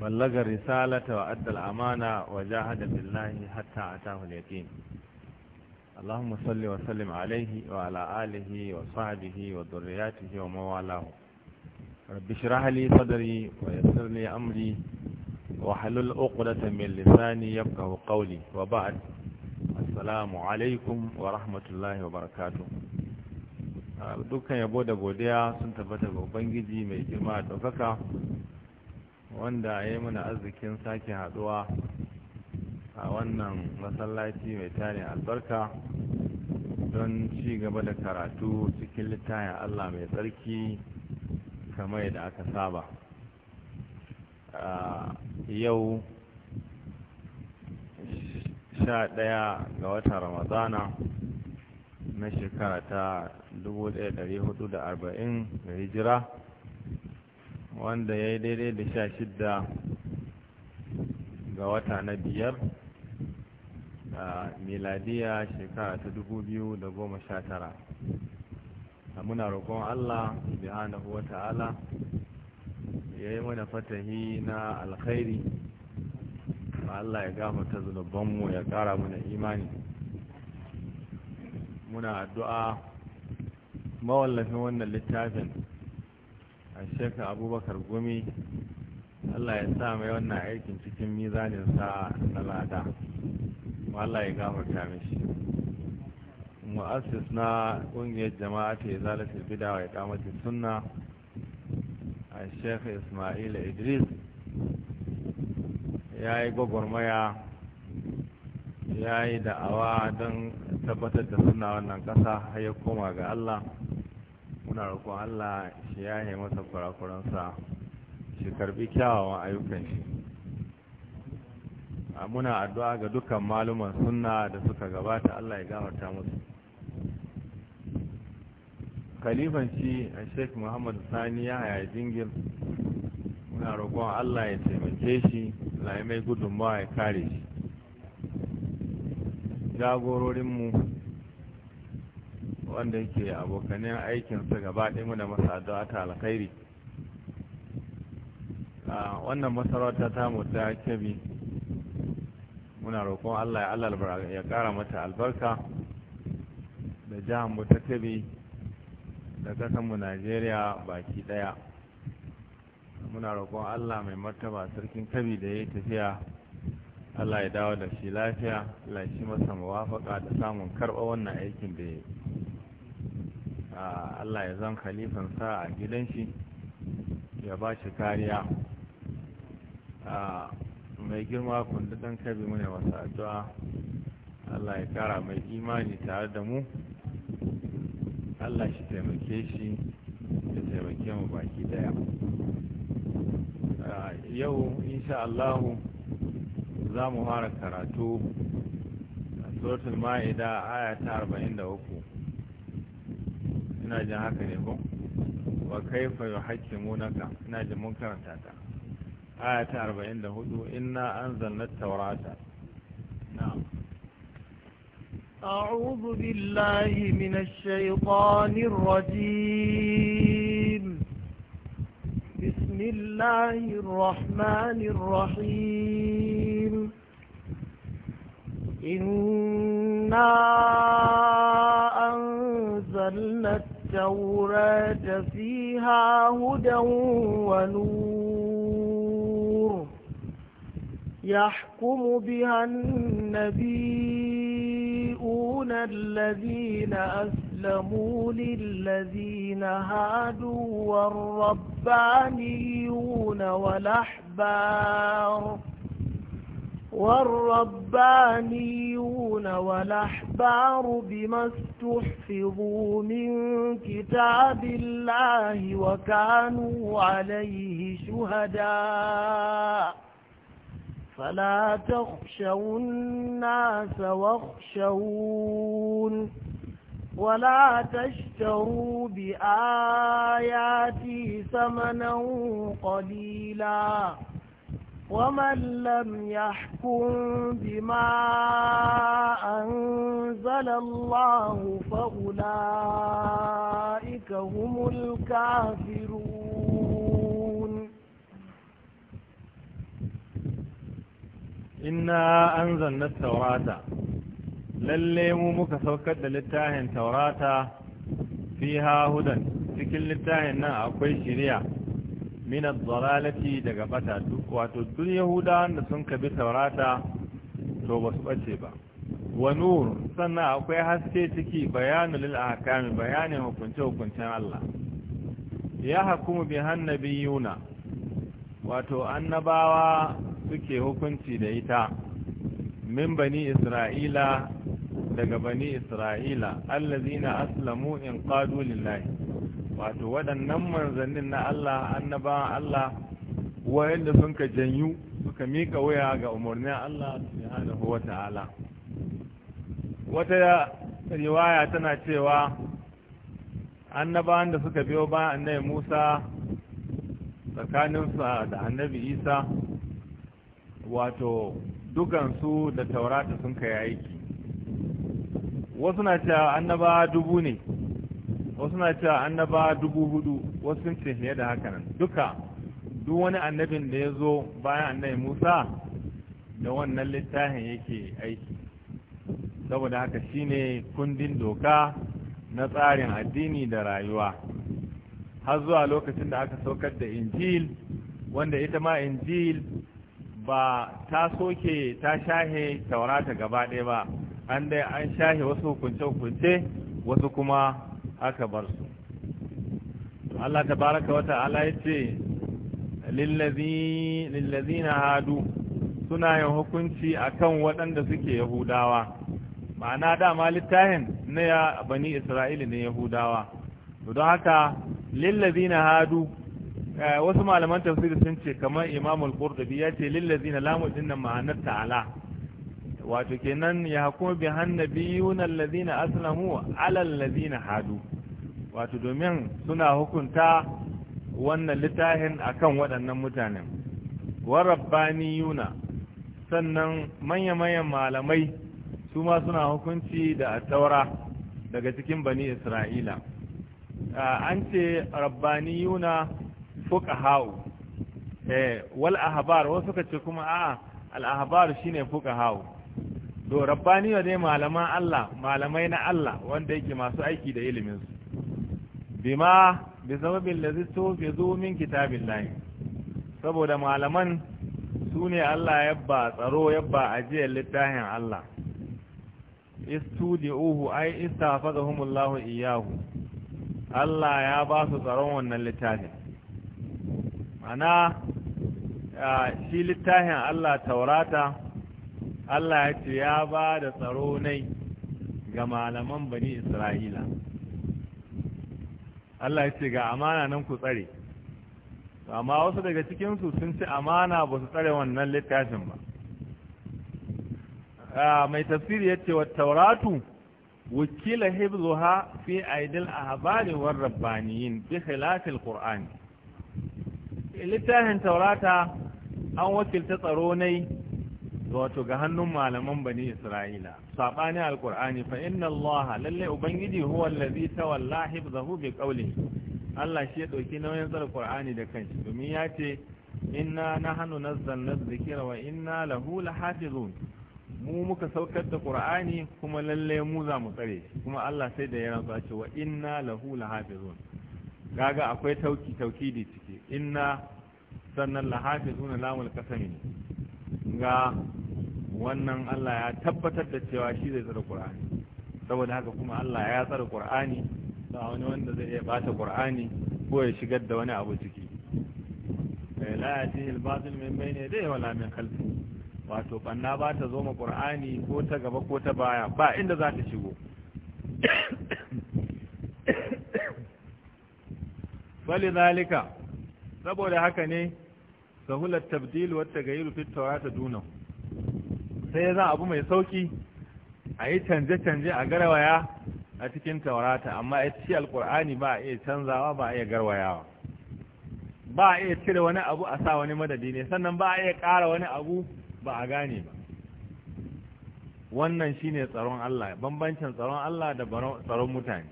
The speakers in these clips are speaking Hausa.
بلغ الرسالة وأدى الأمانة وجاهد wa jahada billahi hatta atahu اللهم صل وسلم عليه وعلى آله وصحبه وذرياته ومن رب اشرح لي صدري ويسر لي أمري واحلل عقدة من لساني يفقه قولي وبعد السلام عليكم ورحمة الله وبركاته dukkan yabo da godiya sun tabbata ga ubangiji mai girma da ɗaukaka wanda ya yi mana arzikin sake haduwa a wannan masallaci mai tarin albarka don ci gaba da karatu cikin littafin allah mai tsarki kamar da aka saba yau sha ɗaya ga wata ramadana na shekara ta 1440 da hijira wanda ya yi daidai da sha shidda ga wata na biyar a miladiya shekara ta dubu biyu da goma sha tara a muna roƙon allah subhanahu wa ta'ala ya yi mana fatahi na alkhairi Ba allah ya ta zunubanmu ya ƙara mana imani muna addu'a mawallafin wannan littafin a abubakar gumi allah ya sa mai wannan aikin cikin mizanin sa na lada Allah ya gafarta mishi mu'assis na kungiyar jama'a ta zalatul bida wa iqamatis sunna a shekha ismail idris ya yi gwagwarmaya ya yi da'awa don tabbatar da suna wannan kasa har ya koma ga allah muna roƙon Allah shi yahe masa kurakuransa shi karbi kyawawan ayyukan shi muna addu'a ga dukkan maluman sunna da suka gabata Allah ya gafarta musu khalifan shi a sheik muhammad sani ya haya jingil muna roƙon Allah ya taimake shi lai mai gudunmawa ya kare shi jagororinmu wanda yake abokanin aikinsa gaba ɗaya muna masa addu'a ta alkhairi wannan masarauta ta mu kebi muna roƙon Allah ya Allah ƙara mata albarka da jihar mu ta kebi da ƙasar mu Najeriya baki ɗaya muna roƙon Allah mai martaba sarkin kebi da ya tafiya Allah ya dawo da shi lafiya Allah shi masa muwafaka da samun karɓa wannan aikin da ya yi Allah ya zan khalifansa a gidan shi ya ba shi kariya mai girma kundudan kabi mune wasa addu'a Allah ya kara mai imani tare da mu Allah shi taimake shi ya taimake mu baki daya yau insha Allah za mu fara karatu a suratul ma'ida aya ta uku. ina jin haka ne ko wa kaifa yuhakkimunaka ina jin mun karanta ta aya ta 44 inna anzalna at-taurata na'am أعوذ بالله من الشيطان الرجيم بسم الله الرحمن الرحيم إنا أن أنزلنا التوراة فيها هدى ونور يحكم بها النبيون الذين أسلموا للذين هادوا والربانيون والأحبار والربانيون والأحبار بما استحفظوا من كتاب الله وكانوا عليه شهداء فلا تخشوا الناس واخشون ولا تشتروا بآياتي ثمنا قليلاً ومن لم يحكم بما أنزل الله فأولئك هم الكافرون إنا أنزلنا التوراة للي مكسوكت للتاهن توراة فيها هدى في كل التاهن أقوي شريعة minan zalalati daga bata wato duk yahudawan da sun kabi taurata to ba su bace ba wa nur sannan akwai haske ciki bayanu lil bayanin hukunce hukuncen Allah ya hukumu bi hannabiyuna wato annabawa suke hukunci da ita min bani isra'ila daga bani isra'ila allazina aslamu in qadu lillahi wato waɗannan manzannin na Allah annaba Allah wayanda sun ka janyu suka mika waya ga umarnin Allah subhanahu wa ta'ala wata riwaya tana cewa annabawan da suka biyo ba annabi Musa tsakaninsa da annabi Isa wato dukansu da taurata sun kai aiki wasu na cewa annaba dubu ne wasu na cewa annaba dubu hudu wasu sun ce fiye da haka nan duka duk wani annabin da ya zo bayan annabi musa da wannan littafin yake aiki saboda haka shine kundin doka na tsarin addini da rayuwa har zuwa lokacin da aka saukar da injil wanda ita ma injil ba ta soke ta shahe taurata gaba ɗaya ba an dai an shahe wasu hukunce-hukunce wasu kuma aka bar su Allah tabaraka wa ta'ala yace lillazina hadu suna yin hukunci akan waɗanda suke yahudawa ma'ana dama littahin na ya bani Isra'ili ne yahudawa don haka lillazina hadu eh, wasu malaman tafsiri sun ce kamar imamul qurtubi ya ce lillazina lamu dinnan ma'anar ta'ala wato kenan ya hukumu bi hannabiyuna allazina aslamu ala allazina hadu wato domin suna hukunta wannan littafin akan waɗannan mutanen wa rabbaniyuna sannan manya-manyan malamai su ma suna hukunci da taura daga cikin bani isra'ila an ce rabbaniyuna fuka eh wal ahbar wasu ka ce kuma a'a al ahbar shine fuqaha'u to rabbaniyo dai malaman Allah malamai na Allah wanda yake masu aiki da ilimin su bima bi sababin lazi tufizu min kitabillahi saboda malaman su ne Allah yabba tsaro yabba ajiyar littafin Allah istudi'uhu ai istafadahumullahu iyahu Allah ya ba su tsaron wannan littafin ana shi littafin Allah taurata Allah ya ce ya ba da tsaro nai ga malaman bani Isra'ila Allah ya ce ga amana nan ku tsare amma wasu daga cikinsu sun ce amana ba su tsare wannan littafin ba ah, mai tafsiri ya ce wa tauratu wakila ha fi aidil habarin war rabbaniyin bi khilafil qur'ani littafin taurata an wakilta tsaro ne wato ga hannun malaman bani isra'ila sabani Alƙur'ani fa inna allaha lalle ubangiji huwa allazi tawalla hifzahu bi qawli Allah shi ya dauki nauyin tsara qur'ani da kanshi domin ya ce inna nahnu nazzalna dhikra wa inna lahu lahafizun mu muka saukar da qur'ani kuma lalle mu za mu tsare kuma Allah sai da ya rantsa ce wa inna lahu lahafizun kaga akwai tauki tauki da ciki inna sannan lahafizun lamul qasami ga wannan Allah ya tabbatar da cewa shi zai tsara Qur'ani saboda haka kuma Allah ya tsara Qur'ani ba wani wanda zai iya bata Qur'ani ko ya shigar da wani abu ciki eh, la yatihi al-batil min bayni yadayhi wala min khalfihi wato banna ba ta zo ma Qur'ani ko ta gaba ko ta baya ba inda za ta shigo فلذلك saboda haka ne sahulat tabdil wa taghayyur fi tawrat dunahu sai ya a abu mai sauki a yi canje-canje a garwaya a cikin taurata amma ya ci alkur'ani ba a iya canzawa ba a iya garwayawa ba a iya cire wani abu a sa wani madadi ne sannan ba a iya ƙara wani abu ba a gane ba wannan shi ne tsaron Allah bambancin tsaron Allah da tsaron mutane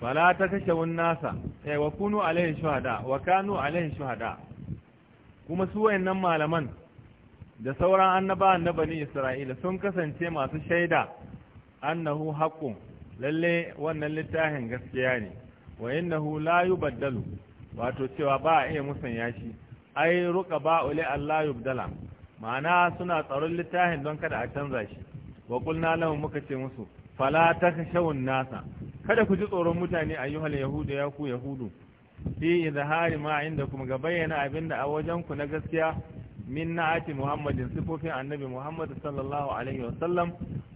fala ta kashe nasa sai eh, wa kunu alaihi shuhada wa kanu alaihi shuhada kuma su wayannan malaman da sauran Annaba na bani isra'ila sun kasance masu shaida annahu haqqun lalle wannan littafin gaskiya ne wa innahu la yubaddalu wato cewa ba a iya musanya shi ai ruka ba ule Allah yubdala ma'ana suna tsaron littafin don kada a canza shi wa qulna lahu muka ce musu fala takshawun nasa kada ku ji tsoron mutane ayyuhal yahudu ya ku yahudu fi izhari ma inda kuma ga bayyana abinda a wajenku na gaskiya min na'ati muhammadin sifofin annabi muhammad sallallahu alaihi wasallam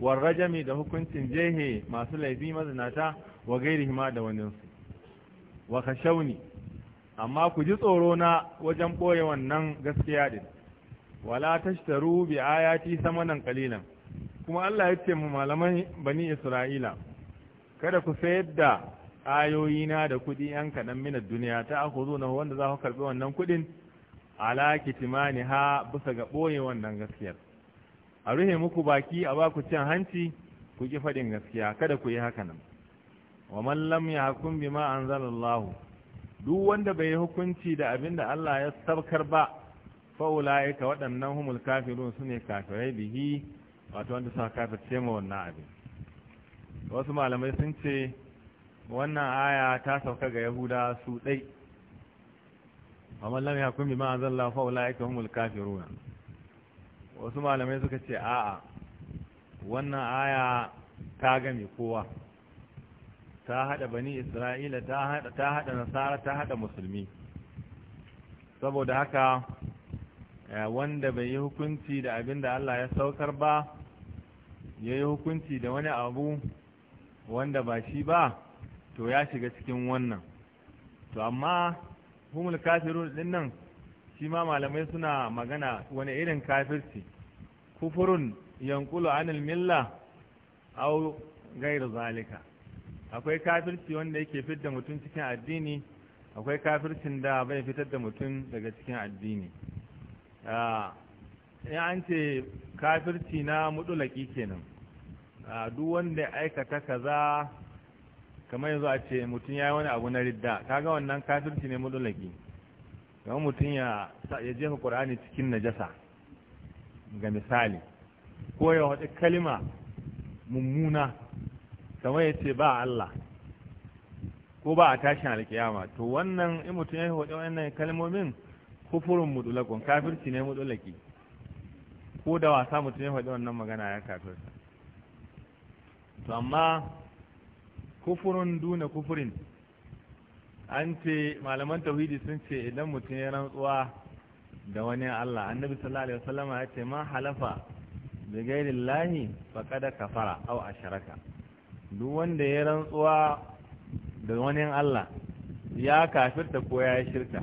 war rajami da hukuncin jehe masu laifi mazinata wa gairi ma da wani wa khashawni amma ku ji tsoro na wajen boye wannan gaskiya din wala tashtaru bi ayati samanan qalilan kuma Allah ya ce mu malaman bani Isra'ila kada ku sayar da na da kuɗi yan kaɗan minar duniya ta aku zo na wanda za ku karɓi wannan kuɗin ala kitimani ha bisa ga ɓoye wannan gaskiyar a ruhe muku baki a baku cin hanci ku ki faɗin gaskiya kada ku yi haka nan wa man lam yahkum bima anzalallahu duk wanda bai yi hukunci da abin da Allah ya sabkar ba fa waɗannan humul kafirun sune kafirai bihi wato wanda suka kafirce ma wannan abin wasu malamai sun ce wannan aya ta sauka ga yahuda su ɗai amma lam yakun bima anzalna fa ulaika humul kafiruna wasu malamai suka ce a'a wannan aya ta gami kowa ta hada bani isra'ila ta hada ta hada nasara ta hada musulmi saboda haka wanda bai yi hukunci da abinda Allah ya saukar ba ya yi hukunci da wani abu wanda ba shi ba to ya shiga cikin wannan to amma humul kafirun din nan shi ma malamai suna magana wani irin kafirci kufurun yankulu anil milla au gairu zalika akwai kafirci wanda yake fitar da mutum cikin addini akwai kafircin da bai fitar da mutum daga cikin addini in an ce kafirci na mudulaki kenan duk wanda aikata kaza kamar yanzu a ce mutum ya yi wani abu na ridda kaga wannan kafirci ne mudulaki kamar mutum ya jefa ƙur'ani cikin najasa ga misali ko ya wata kalima mummuna kamar ya ce ba Allah ko ba a tashin alkiyama to wannan in mutum ya yi wata wannan kalimomin kufurin mudulakon kafirci ne mudulaki ko da wasa mutum ya faɗi wannan magana ya kafirta to amma kufurun duna kufurin an ce malaman tauhidi sun ce idan mutum ya rantsuwa da wani Allah annabi sallallahu alaihi wasallam ya ce ma halafa bi ghairi llahi faqad kafara aw asharaka duk wanda ya rantsuwa da wani Allah ya kafirta ko ya shirka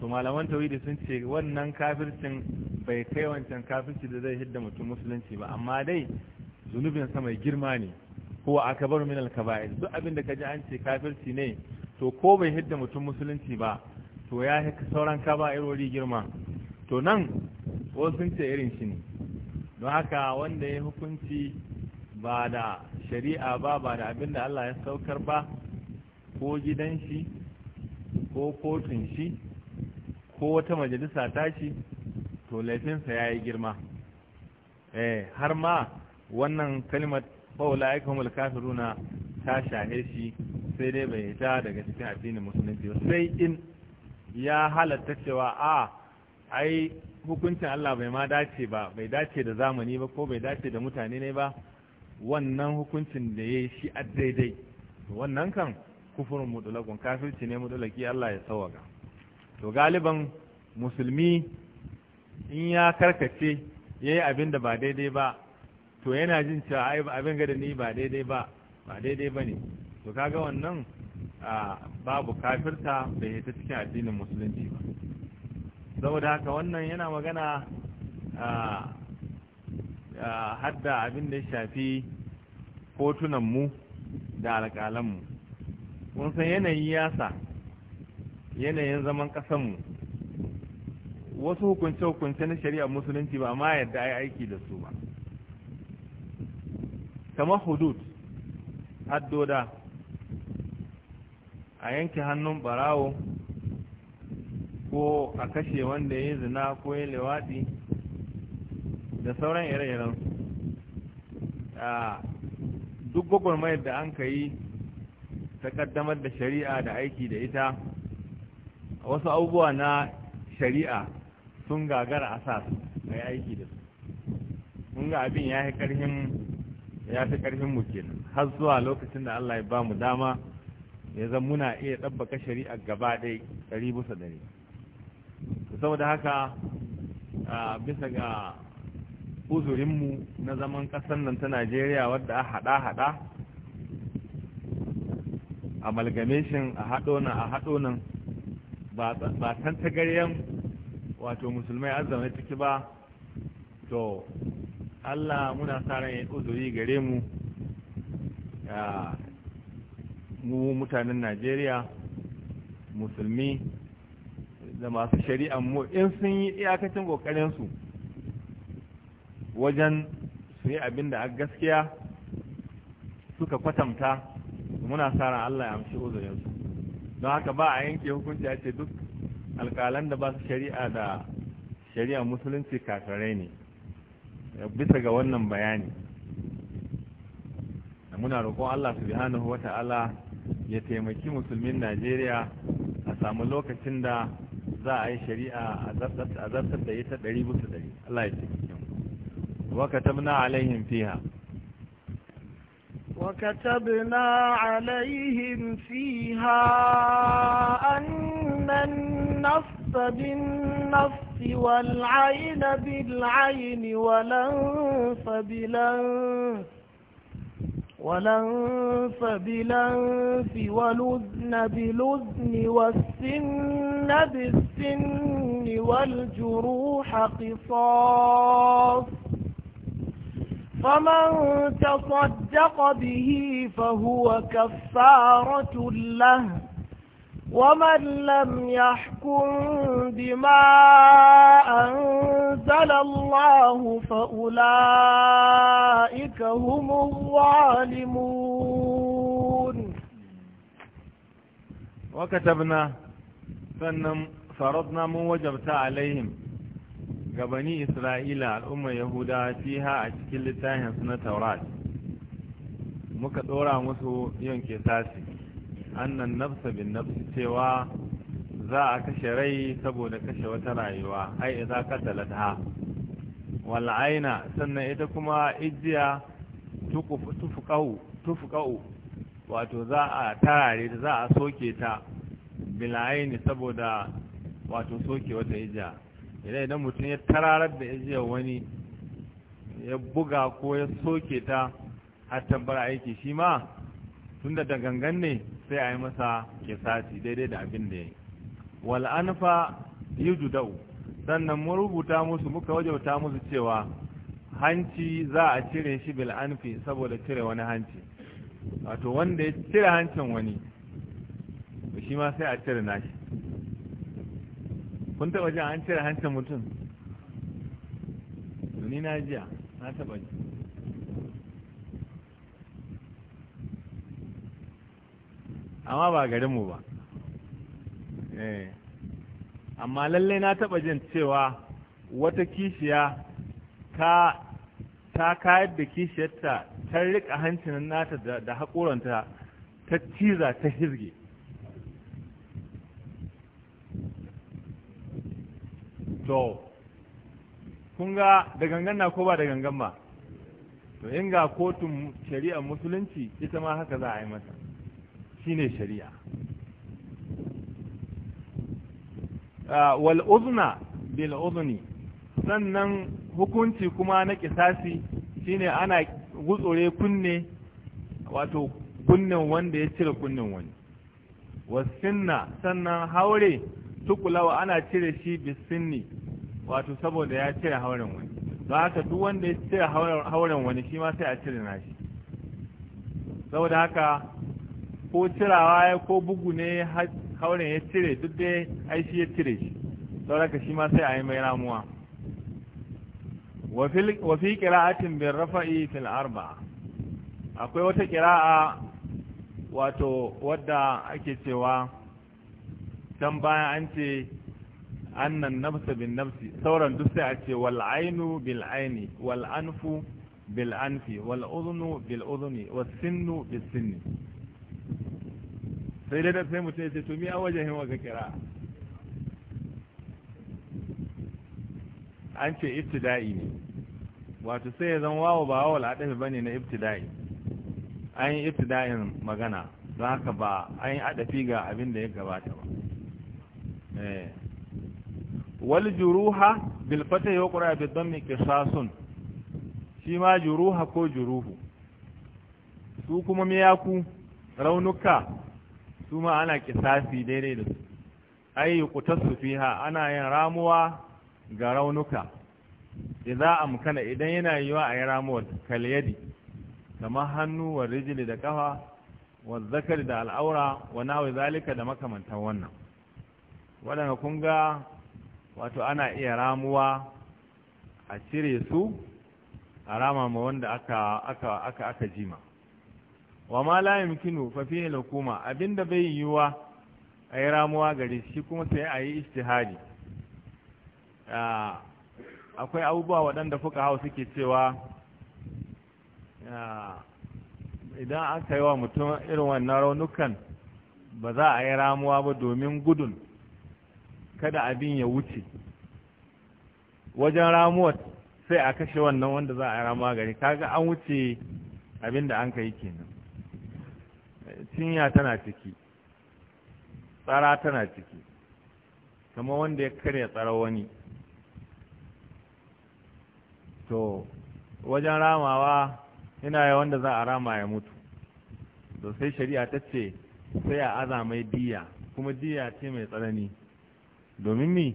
to malaman tauhidi sun ce wannan kafircin bai kai wancan kafirci da zai hidda mutum musulunci ba amma dai zunubin sa mai girma ne huwa akbaru min al-kaba'ir duk abin da kaji an ce kafirci ne to ko bai hidda mutum musulunci ba to ya haka sauran kaba'irori girma to nan ko sun ce irin shi ne don haka wanda ya hukunci ba da shari'a ba ba da abin da Allah ya saukar ba ko gidan shi ko kotun shi ko wata majalisa tashi to laifinsa ya yi girma eh har ma wannan kalimar fa'ula'ika humul kafiruna ta shahe shi sai dai bai ta daga cikin addinin musulunci ba sai in ya halatta cewa a ai hukuncin Allah bai ma dace ba bai dace da zamani ba ko bai dace da mutane ne ba wannan hukuncin da ya shi a daidai wannan kan kufurin mutulakun kafirci ne mutulaki Allah ya sauka. to galiban musulmi in ya karkace ya yi abin da ba daidai ba to yana jin cewa ai abin ga ni ba daidai ba ba daidai bane to kaga wannan babu kafirta bai hita cikin addinin musulunci ba saboda haka wannan yana magana hadda abin da ya shafi kotunanmu da alƙalanmu mun san yanayi yasa yanayin zaman ƙasanmu wasu hukunce-hukunce na shari'ar musulunci ba ma yadda ai aiki da su ba kamar hudud haddoda a yanke hannun barawo ko a kashe wanda ya zina ko ya lewaɗi da sauran ire-iren duk gwagwarmayar da an ka yi ta kaddamar da shari'a da aiki da ita wasu abubuwa na shari'a sun gagara a sa su aiki da su mun ga abin ya yi ƙarfin ya fi ƙarfin mu kenan har zuwa lokacin da Allah ya ba mu dama ya zan muna iya ɗabbaka shari'a gaba ɗai ɗari bisa ɗari saboda haka bisa ga uzurinmu na zaman ƙasar nan ta najeriya wadda a haɗa-haɗa malgameshin a haɗo nan a haɗo nan ba tantagaryen wato musulmai azzama ciki ba to Allah muna sa uzuri gare mu mu mutanen Najeriya musulmi da masu shari'a mu in sun yi iyakacin kokarinsu wajen su yi abin da a gaskiya suka kwatanta muna sa Allah ya amshi uzurinsu don haka ba a yanke hukunci a ce duk alƙalan da ba su shari'a da shari'a musulunci kakarai ne bisa ga wannan bayani muna roƙon Allah subhanahu wata'ala ya taimaki musulmin Najeriya a samu lokacin da za a yi shari'a a zartar da ita ɗari bisa ɗari Allah ya taimaki mu wakatabna alaihim fiha وكتبنا عليهم فيها أن النفس النفس بالنفس والعين بالعين ولنف بلنف ولنف بلنف ولذن بلذن والسن بالسن والجروح قصاص فمن تصدق به فهو كفارة له ومن لم يحكم بما أنزل الله فأولئك هم الظالمون وكتبنا فرضنا من وجبت عليهم gabani isra'ila al'ummar yahuda fiha a cikin littafin su na taurat muka tsora musu yanke tasiri annan nafsa bin nafsi cewa za a kashe rai saboda kashe wata rayuwa ai idza qatalata wal aina sannan ita kuma ijiya tufqau tufqau wato za a tarare za a soke ta bil aini saboda wato soke wata ijiya idan idan mutum ya tararar da ijiyar wani ya buga ko ya soke ta har tabbar aiki shi ma tunda da gangan ne sai a yi masa kisasi daidai da abin da ya yi wal'anfa yi judau sannan mu rubuta musu muka wajauta musu cewa hanci za a cire shi bil'anfi saboda cire wani hanci wato wanda ya cire hancin wani shi ma sai a cire nashi kun taɓa jin an cire hancin mutum duni na jiya na taɓa jiya. amma ba garinmu ba eh. amma lalle na taɓa jin cewa wata kishiya ta kayar da kishiyarta ta riƙa hancin nata da haƙoranta ta ciza ta hizge to kun ga da gangan na ko ba da gangan ba to inga kotun shari'ar musulunci ita ma haka za a yi mata shine shari'a ah, wal uzna bil uzni sannan hukunci kuma na kisasi shine ana gutsure kunne wato kunnen wanda ya cire kunnen wani wasinna sannan haure tukulawa ana cire shi bisinni wato saboda ya cire hauren wani don haka duk wanda ya cire hauren wani shi ma sai a cire nashi saboda haka ko cirawa ya ko bugu ne hauren ya cire duk dai aishi ya cire shi sauraka shi ma sai a yi mai ramuwa wafi kira'atin bin rafa'i fil arba akwai wata kira'a wato wadda ake cewa can bayan an ce annan nafsa bin nafsi sauran duk sai a ce wal ainu bil aini wal anfu bil anfi wal udhunu bil udhuni was sinnu sinni sai dai sai mutum ya ce to mi a wajen hin waga kira an ce ibtida'i ne wato sai ya zan wawo ba wawo al'adafi ba ne na ibtida'i an yi ibtida'in magana don haka ba an yi adafi ga abin da ya gabata ba eh. wal juruha bil fata yau ƙura bi don mai kisasun shi ma juruha ko juruhu su kuma miyaku raunuka su ma ana kisasi daidai da su ai yuqtasu fiha ana yin ramuwa ga raunuka idza amkana idan yana yiwa ayi ramuwa kal yadi kamar hannu wa rijli da kafa wa zakari da al'aura wa nawi zalika da makamantan wannan wadanda kun ga wato ana iya ramuwa a cire su a rama ma wanda aka aka jima wa ma la yumkinu fa fihi hukuma abinda bai yiwa ayi ramuwa gare shi kuma sai ayi istihadi ijtihadi ah, akwai abubuwa waɗanda fuka hau suke cewa ah, idan aka yi wa mutum irin wannan raunukan ba za a yi ramuwa ba domin gudun kada abin ya wuce wajen ramuwa sai a kashe wannan wanda za a yi ramuwa gari kaga an wuce abin da an ka yi kenan cinya tana ciki tsara tana ciki kama wanda ya karya tsara wani to wajen ramawa yana yi wanda za a rama ya mutu sosai sai shari'a ta ce sai a aza mai diya kuma diya ce mai tsanani domin ni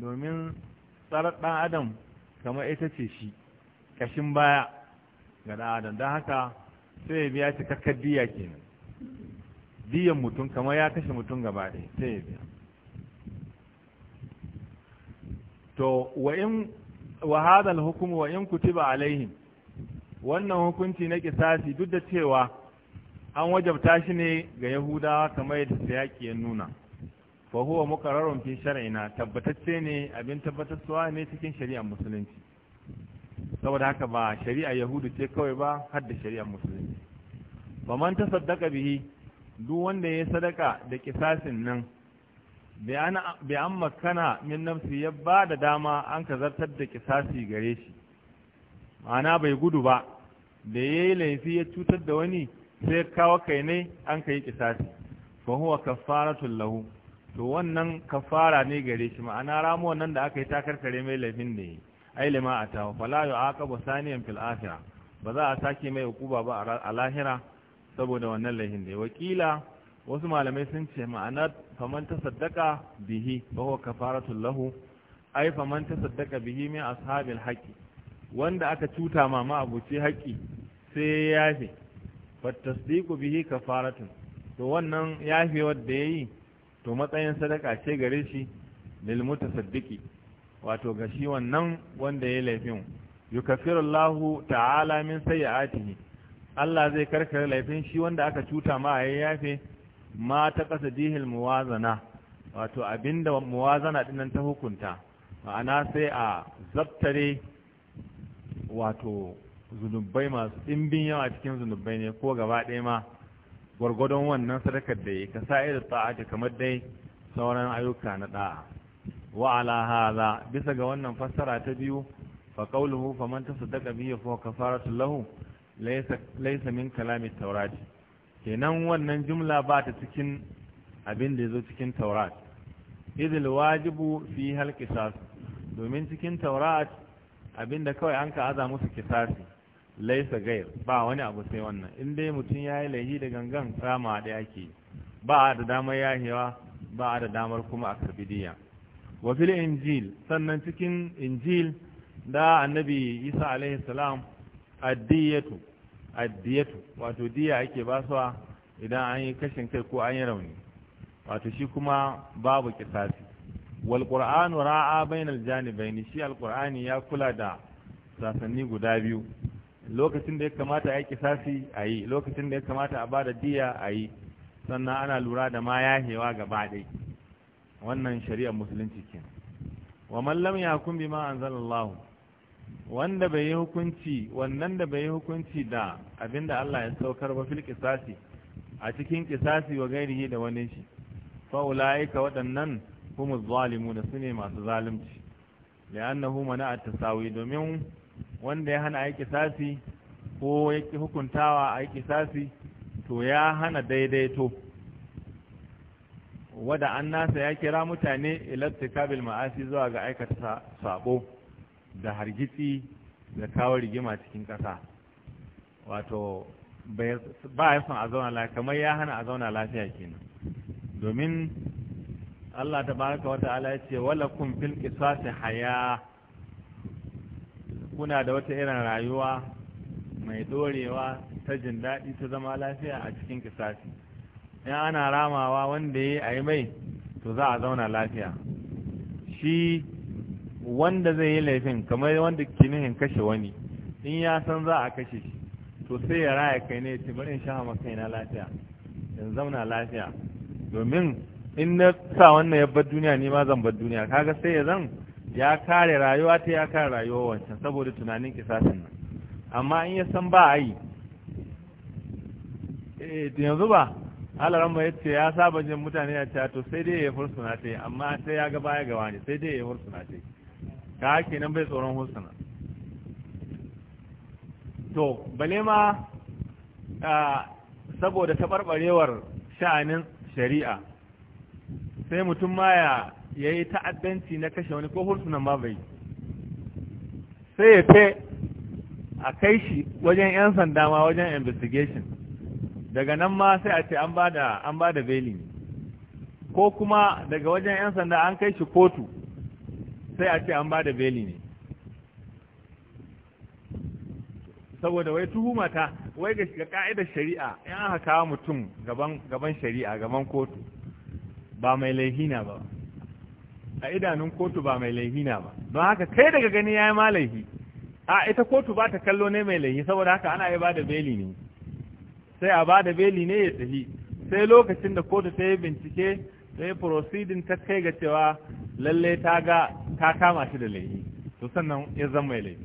domin tsarar ɗan adam kamar ita ce shi kashin baya ga ɗan adam don haka sai ya biya cikakkar diya kenan diyan mutum kamar ya kashe mutum gaba ɗaya sai ya biya to wa in wa hadal hukumu wa in kutiba alaihim wannan hukunci na kisasi duk da cewa an wajabta shi ne ga yahudawa kamar yadda siyaki ya nuna fa huwa muqarrarun fi shar'ina tabbatacce ne abin tabbatarwa ne cikin shari'ar musulunci saboda haka ba shari'ar yahudu ce kawai ba har da shari'ar musulunci man tasaddaqa bihi duk wanda ya sadaka da kisasin nan bai an makana min nafsi ya ba da dama an ka zartar da kisasi gare shi ma'ana bai gudu ba da ya yi laifi ya cutar da wani sai kawo kai ne an ka yi kisasi fa huwa kafaratun lahu to wannan kafara ne gare shi ma'ana ramuwan nan da aka yi takarkare mai laifin da yi ai lima a tawo fala yu saniyan fil akhirah ba za a sake mai hukuba ba a lahira saboda wannan laihin da wakila wasu malamai sun ce ma'anar faman ta saddaka bihi fa huwa kafaratun lahu ai faman ta saddaka bihi min ashabil haqqi wanda aka cuta ma ma abuci haƙi sai ya yafe fa tasdiqu bihi kafaratun to wannan yafe wanda yayi to matsayin sadaka ce gare shi lil mutasaddiqi wato ga shi wannan wanda ya laifin yukafirullahu Allahu ta'ala min sayyi'atihi Allah zai karkare laifin shi wanda aka cuta ma a yafe ma ta kasa jihil muwazana wato abinda muwazana nan ta hukunta ma'ana sai a zabtare wato zunubai masu ɗimbin yawa cikin zunubai ne ko gaba ɗaya ma gwargwadon wannan sadakar da ya ka sa irin ta'ata kamar dai sauran ayyuka na ɗa'a wa ala bisa ga wannan fassara ta biyu fa qawluhu faman tasaddaqa bihi fa kafaratu lahu laisa min kalamin taurat kenan wannan jumla ba ta cikin abin da ya zo cikin taurat idil wajibu fi har kisas domin cikin taurat abinda kawai an ka aza musu kisasi laisa gair ba wani abu sai wannan in dai mutum ya yi laihi da gangan rama da ake ba a da damar yahewa ba a da damar kuma a karbidiya wa fil injil sannan cikin injil da annabi isa alaihi salam addiyatu addiyatu wato diya ake basuwa idan an yi kashin kai ko an yi rauni wato shi kuma babu kisasi wal qur'anu ra'a bainal janibain shi al qur'ani ya kula da sasanni guda biyu lokacin da ya kamata a yi kisasi a yi lokacin da ya kamata a ba da diya a yi sannan ana lura da ma yahewa gaba ɗai wannan shari'ar musulunci ke wa mallam ya yakun bima anzalallahu wanda bai yi hukunci wannan da bai yi hukunci da abinda Allah ya saukar ba fil qisasi a cikin kisasi, wa gairihi da wani shi fa ulaika waɗannan humuz zalimuna sune masu zalunci li'annahu mana at-tasawi domin wanda ya hana aiki kisasi ko yake hukuntawa aiki kisasi to ya hana daidaito wada annasa ya kira mutane ila tikabil ma'asi zuwa ga aikata sabo da hargitsi da kawo rigima cikin ƙasa wato ba ya son a zauna lafiya kamar ya hana a zauna lafiya kenan domin Allah ta baraka wata ala ya ce wala kun fil qisasi haya kuna da wata irin rayuwa mai dorewa ta jin daɗi ta zama lafiya a cikin kisasi in ana ramawa wanda ya yi mai to za a zauna lafiya shi wanda zai yi laifin kamar wanda ke nihin kashe wani in ya san za a kashe shi to sai ya raya kai ne ce bari in sha ma kaina lafiya in zauna lafiya domin in na sa wannan ya bar duniya ni ma zan bar duniya kaga sai ya zan ya kare rayuwa ta ya kare rayuwa wancan saboda tunanin kisasin nan amma in ya san ba a yi eh, yanzu ba halaran ba ya ce ya saba jin mutane ya ce to sai dai ya fursuna ta amma sai ya ga baya gawa ne sai dai ya fursuna ta ake nan bai tsoron husna to bale ma saboda taɓarɓarewar sha'anin shari'a sai mutum ma ya yi ta'addanci na kashe wani ko hursunan ma bai sai ya fe a kai shi wajen 'yan sanda ma wajen investigation daga nan ma sai a ce an ba da beli ko kuma daga wajen 'yan sanda an kai shi kotu sai a ce an ba da beli ne saboda wai tuhuma ta wai ga ka'idar shari'a in aka kawo mutum gaban shari'a gaban kotu ba mai laihina ba a idanun kotu ba mai laihina ba don haka kai daga gani ya yi ma laihi a ita kotu ba ta kallo ne mai laihi saboda haka ana yi ba da beli ne sai a ba da beli ne ya tafi sai lokacin da kotu ta yi bincike sai proceeding ta kai ga cewa lalle ta ga ta kama shi da laifi to sannan ya zama mai laifi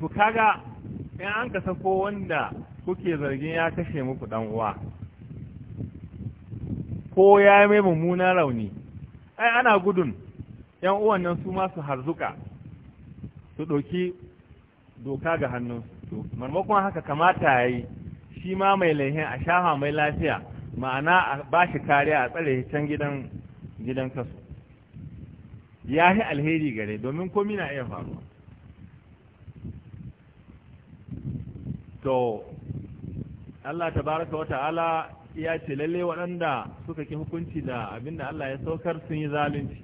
to kaga in an ka sako wanda kuke zargin ya kashe muku dan uwa ko ya mai mummunan rauni ai ana gudun yan uwan nan su masu harzuka su ɗauki doka ga hannun to marmakon haka kamata ya yi shi ma mai laihin a shafa mai lafiya ma'ana a ba shi kariya a tsare can gidan gidan kaso ya yi alheri gare domin komi na iya faruwa to Allah tabaraka wa ta'ala ya ce lalle waɗanda suka ki hukunci da abinda Allah ya saukar sun yi zalunci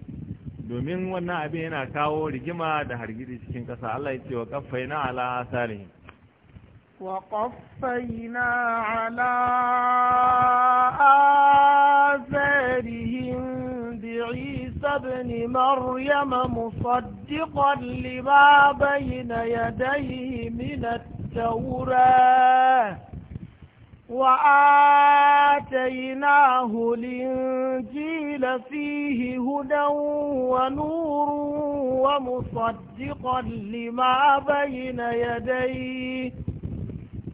domin wannan abin yana kawo rigima da hargiri cikin ƙasa Allah ya ce wa na ala salihin. وقفينا على آثارهم بعيسى ابن مريم مصدقا لما بين يديه من التوراة وآتيناه الإنجيل فيه هدى ونور ومصدقا لما بين يديه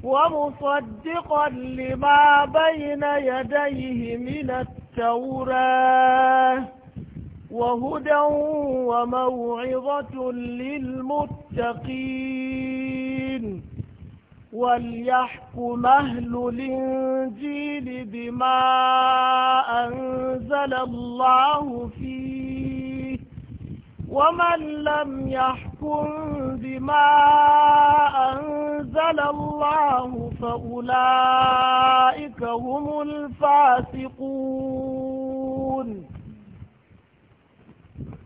ومصدقا لما بين يديه من التوراة وهدى وموعظة للمتقين وليحكم أهل الإنجيل بما أنزل الله فيه ومن لم يحكم بما أنزل الله فأولئك هم الفاسقون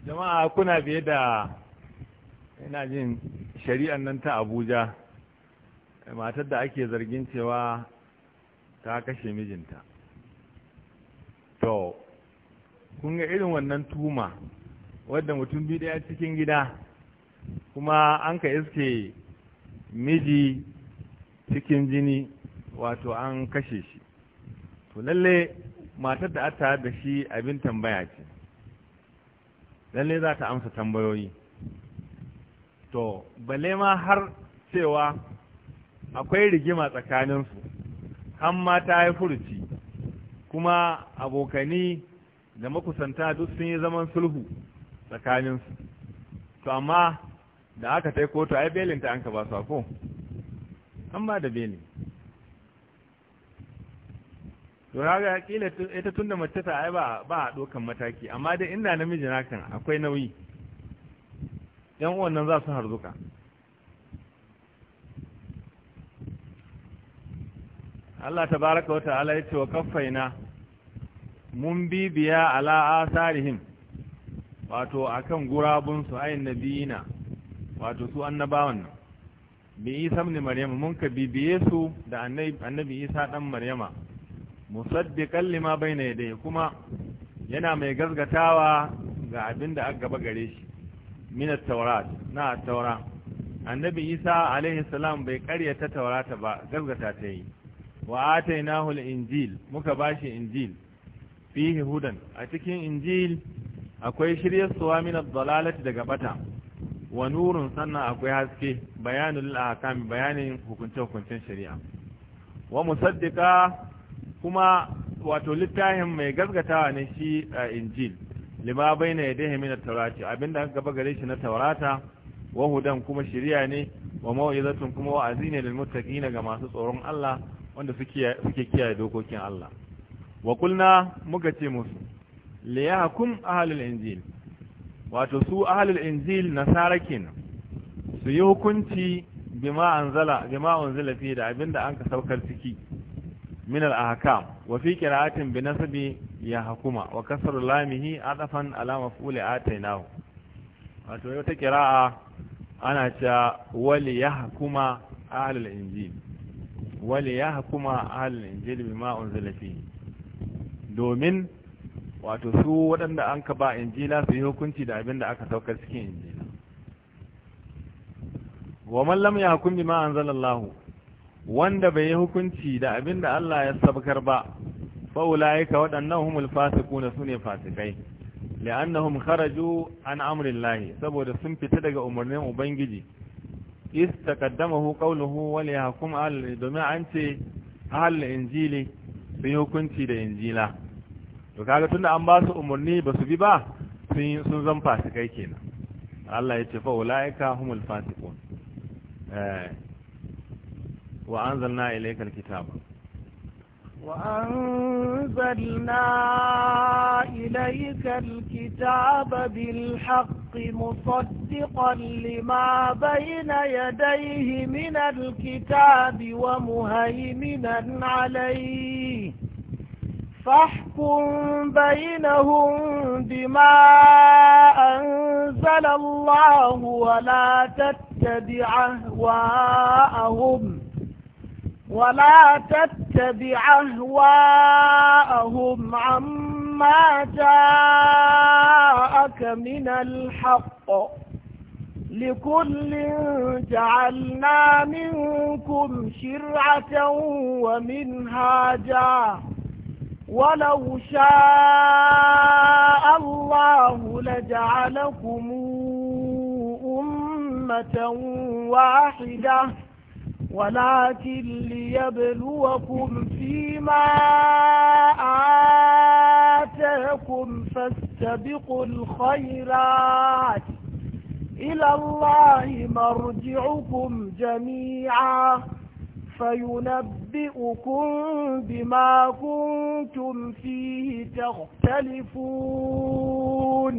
jama'a kuna biye da ina jin shari'an nan ta abuja matar da ake zargin cewa ta kashe mijinta to kun ga irin wannan tuma wadda mutum biyu daya cikin gida kuma an ka iske miji cikin jini wato an kashe shi to lalle matar da ta da shi abin tambaya ce lalle za ta amsa tambayoyi to balle ma har cewa akwai rigima tsakaninsu har ma ta yi furuci kuma abokani da makusanta duk sun yi zaman sulhu tsakaninsu to amma da aka tai kotu ai belinta an ka ba su ko an ba da belin to ga kila ita tunda mace ta ai ba ba dokan mataki amma dai inda namiji na kan akwai nauyi yan wannan za su harzuka Allah tabaraka wa ta'ala yace wa kaffaina mun bibiya ala asarihim wato akan gurabunsu ayin nabiyina wato su annabawan nan bi isa ne maryama mun ka bibiye su da annabi isa dan maryama ma bai na yadda kuma yana mai gazgatawa ga abin da aka gaba gare shi min taurat na taura annabi isa alaihi salam bai karya ta taurata ba gazgata ta yi wa atainahu al-injil muka bashi injil fihi hudan a cikin injil akwai shirye min ad-dalalati daga bata wa nurun sannan akwai haske bayanul ahkam bayanin hukunce hukuncen shari'a wa musaddiqa kuma wato littafin mai gaskatawa ne shi injil lima baina yadayhi min at-taurati abinda aka gaba gare shi na taurata wa hudan kuma shari'a ne wa mau'izatun kuma wa'azi ne lil muttaqina ga masu tsoron Allah wanda suke suke kiyaye dokokin Allah wa kulna muka ce musu liyakum ahlul injil wato su ahlul injil nasara kenan su yi hukunci bima anzala bima unzila fi da abinda an ka saukar ciki min al-ahkam wa fi qira'atin bi nasbi hukuma wa kasr lamihi adafan ala maf'ul atainahu wato yau ta qira'a ana ta wali yahkuma ahlul injil wali yahkuma ahlul injil bima unzila fi domin wato su waɗanda an ka ba injila su yi hukunci da abin da aka saukar cikin injila wa mallam ya hukum bima anzalallahu wanda bai yi hukunci da abin da Allah ya sabkar ba fa ka waɗannan humul fasiquna sune fasikai li'annahum kharaju an amrillahi saboda sun fita daga umarnin ubangiji is taqaddamahu qawluhu wa li yahkum al domin an ce injili bi hukunci da injila to kaga tunda an ba su umarni ba su bi ba sun zan fasikai kenan Allah ya ce fa ulaika humul fasiqun eh wa anzalna ilayka alkitaba وأنزلنا إليك الكتاب بالحق مصدقا لما بين يديه من الكتاب ومهيمنا فاحكم بينهم بما أنزل الله ولا تتبع أهواءهم ولا تتبع أهواءهم عما جاءك من الحق لكل جعلنا منكم شرعة ومنهاجا ولو شاء الله لجعلكم أمة واحدة ولكن ليبلوكم فيما آتاكم فاستبقوا الخيرات إلى الله مرجعكم جميعا فينبئكم بما كنتم فيه تختلفون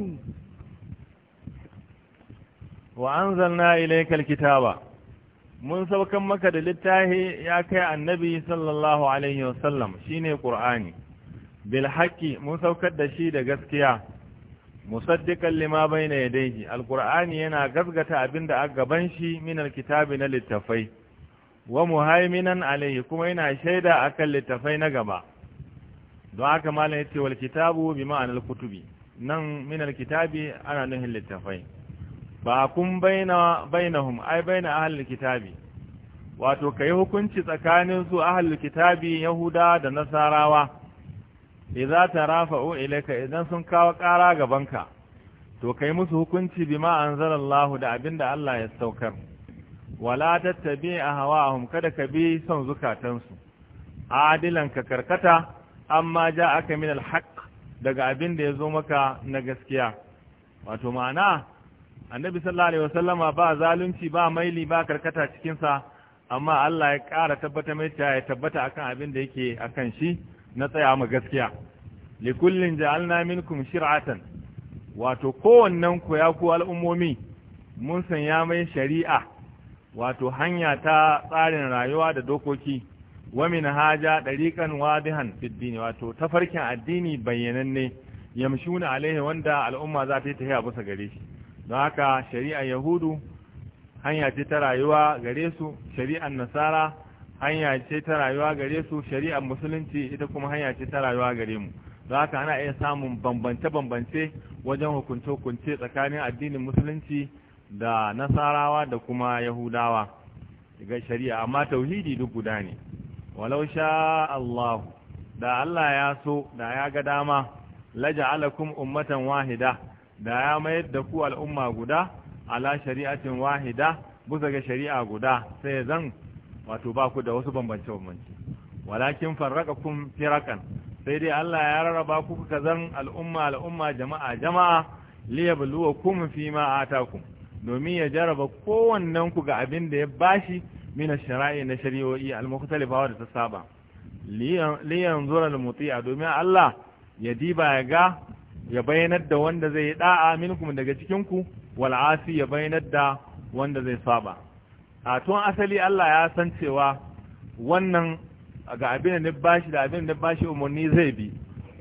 وأنزلنا إليك الكتاب mun saukan maka da littafi ya kai annabi sallallahu alaihi wasallam shine qur'ani bil haqqi mun saukar da shi da gaskiya musaddiqan lima bayna yadayhi alqur'ani yana gaskata abinda a gaban shi min alkitabi na littafai wa muhaiminan alaihi kuma yana shaida akan littafai na gaba don haka malam yace wal kitabu bi ma'anar kutubi nan min al kitabi ana nuhin littafai ba kun baina bainahum ai baina ahlul kitabi wato kai hukunci tsakanin su ahlul kitabi yahuda da nasarawa idza tarafa'u ilayka idan sun kawo ƙara gabanka to kai musu hukunci bima anzalallahu da abinda Allah ya saukar wala tattabi ahwa'ahum kada ka bi son zukatansu adilan ka karkata amma ja aka min alhaq daga abin da yazo maka na gaskiya wato ma'ana annabi sallallahu alaihi wasallama ba zalunci ba maili ba karkata cikin sa amma Allah ya ƙara tabbata mai ya tabbata akan abin da yake akan shi na tsaya mu gaskiya likullin ja'alna minkum shir'atan wato kowannen ku ya ku al'ummomi mun ya mai shari'a wato hanya ta tsarin rayuwa da dokoki wa min haja dariqan wadihan fid din wato tafarkin addini bayyananne yamshuna alaihi wanda al'umma za ta yi tafiya bisa gare shi don haka shari'ar yahudu hanya ce ta rayuwa gare su shari'ar nasara hanya ce ta rayuwa gare su shari'ar musulunci ita kuma hanya ce ta rayuwa gare mu don haka ana iya samun bambance-bambance wajen hukunce-hukunce tsakanin addinin musulunci da nasarawa da kuma yahudawa ga shari'a amma tauhidi duk guda ne walau sha Allah da Allah ya so da ya ga dama laja'alakum ummatan wahida da ya mayar da ku al'umma guda ala shari'atin wahida buza ga shari'a guda sai zan wato ba ku da wasu bambance bambance walakin farraqakum firakan sai dai Allah ya rarraba ku kazan al'umma al'umma jama'a jama'a liyabluwakum fima atakum domin ya jaraba kowannen ku ga abin da ya bashi mina shara'i na shari'o'i al-mukhtalifa da ta saba liyan zura al-muti'a domin Allah ya diba ya ga ya bayyanar da wanda zai yi da'a minkum daga cikin ku wal asi ya bayyanar da wanda zai saba a tun asali Allah ya san cewa wannan ga abin da bashi da abin da bashi umarni zai bi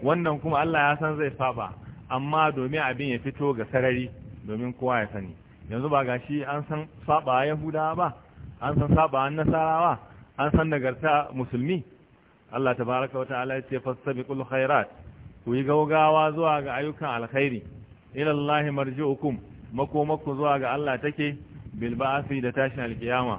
wannan kuma Allah ya san zai saba amma domin abin ya fito ga sarari domin kowa ya sani yanzu ba ga shi an san saba yahuda ba an san saba nasarawa an san nagarta musulmi Allah tabaraka wa ta'ala ya ce fastabiqul khairat ku yi gaugawa zuwa ga ayyukan alkhairi ila Allah marji'ukum mako zuwa ga Allah take bil ba'si da tashin alkiyama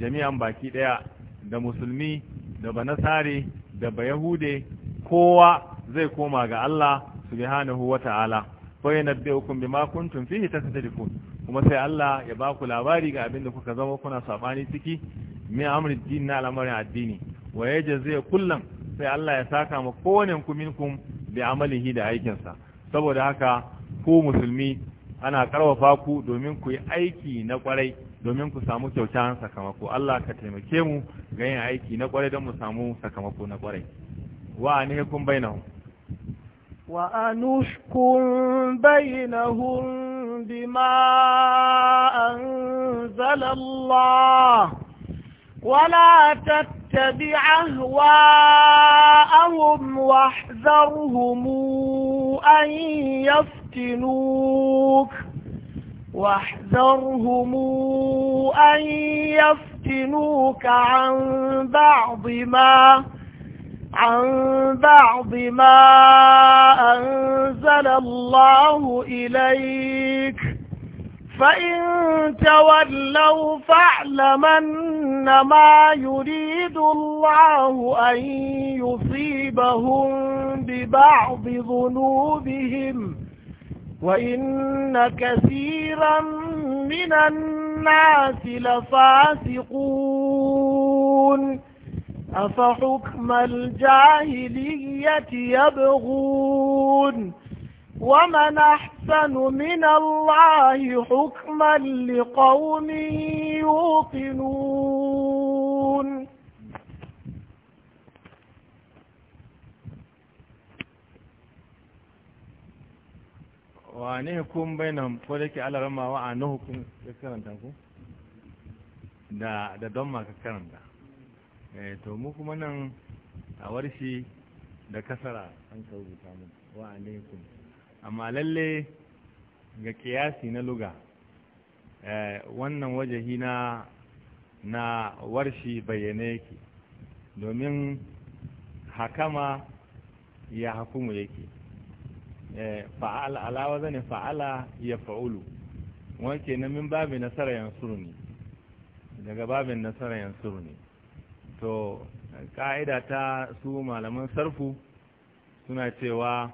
jami'an baki daya da musulmi da banasare da bayahude kowa zai koma ga Allah subhanahu wa ta'ala fa yanabbi'ukum bima kuntum fihi tasdifun kuma sai Allah ya ba ku labari ga abin da kuka zama kuna sabani ciki min amrin din na al'amarin addini wa jaze kullum sai Allah ya saka ma kowane ku minkum bi amalihi da aikinsa saboda haka ku musulmi ana karwafa ku domin ku yi aiki na kwarai domin ku samu kyauta sakamako Allah ka taimake mu ga yin aiki na kwarai don mu samu sakamako na kwarai wa ne kun bainahu وأنشكم بينهم بما أنزل الله ولا تتبع أهواءهم واحذرهم أن يفتنوك واحذرهم أن يفتنوك عن بعض ما أنزل عن بعض ما أنزل الله إليك فإن تولوا فاعلمن ما يريد الله أن يصيبهم ببعض ذنوبهم وإن كثيرا من الناس لفاسقون أفحكم الجاهلية يبغون ومن أحسن من الله حكما لقوم يوقنون وعنهكم بينهم فلك على رما وعنهكم كرنتكم دا دا دمك maka karanta Eh, to mu kuma nan a warshi da kasara an ka rubuta mu wa alaikum amma lalle ga kiyasi na luga eh, wannan wajahi na na warshi bayyane yake domin hakama ya hukumu yake eh, fa'ala alawa zane fa'ala ya fa'ulu wanke na min babin nasara yansuru ne daga babin nasara yansuru ne to ka'ida ta su malaman sarfu suna cewa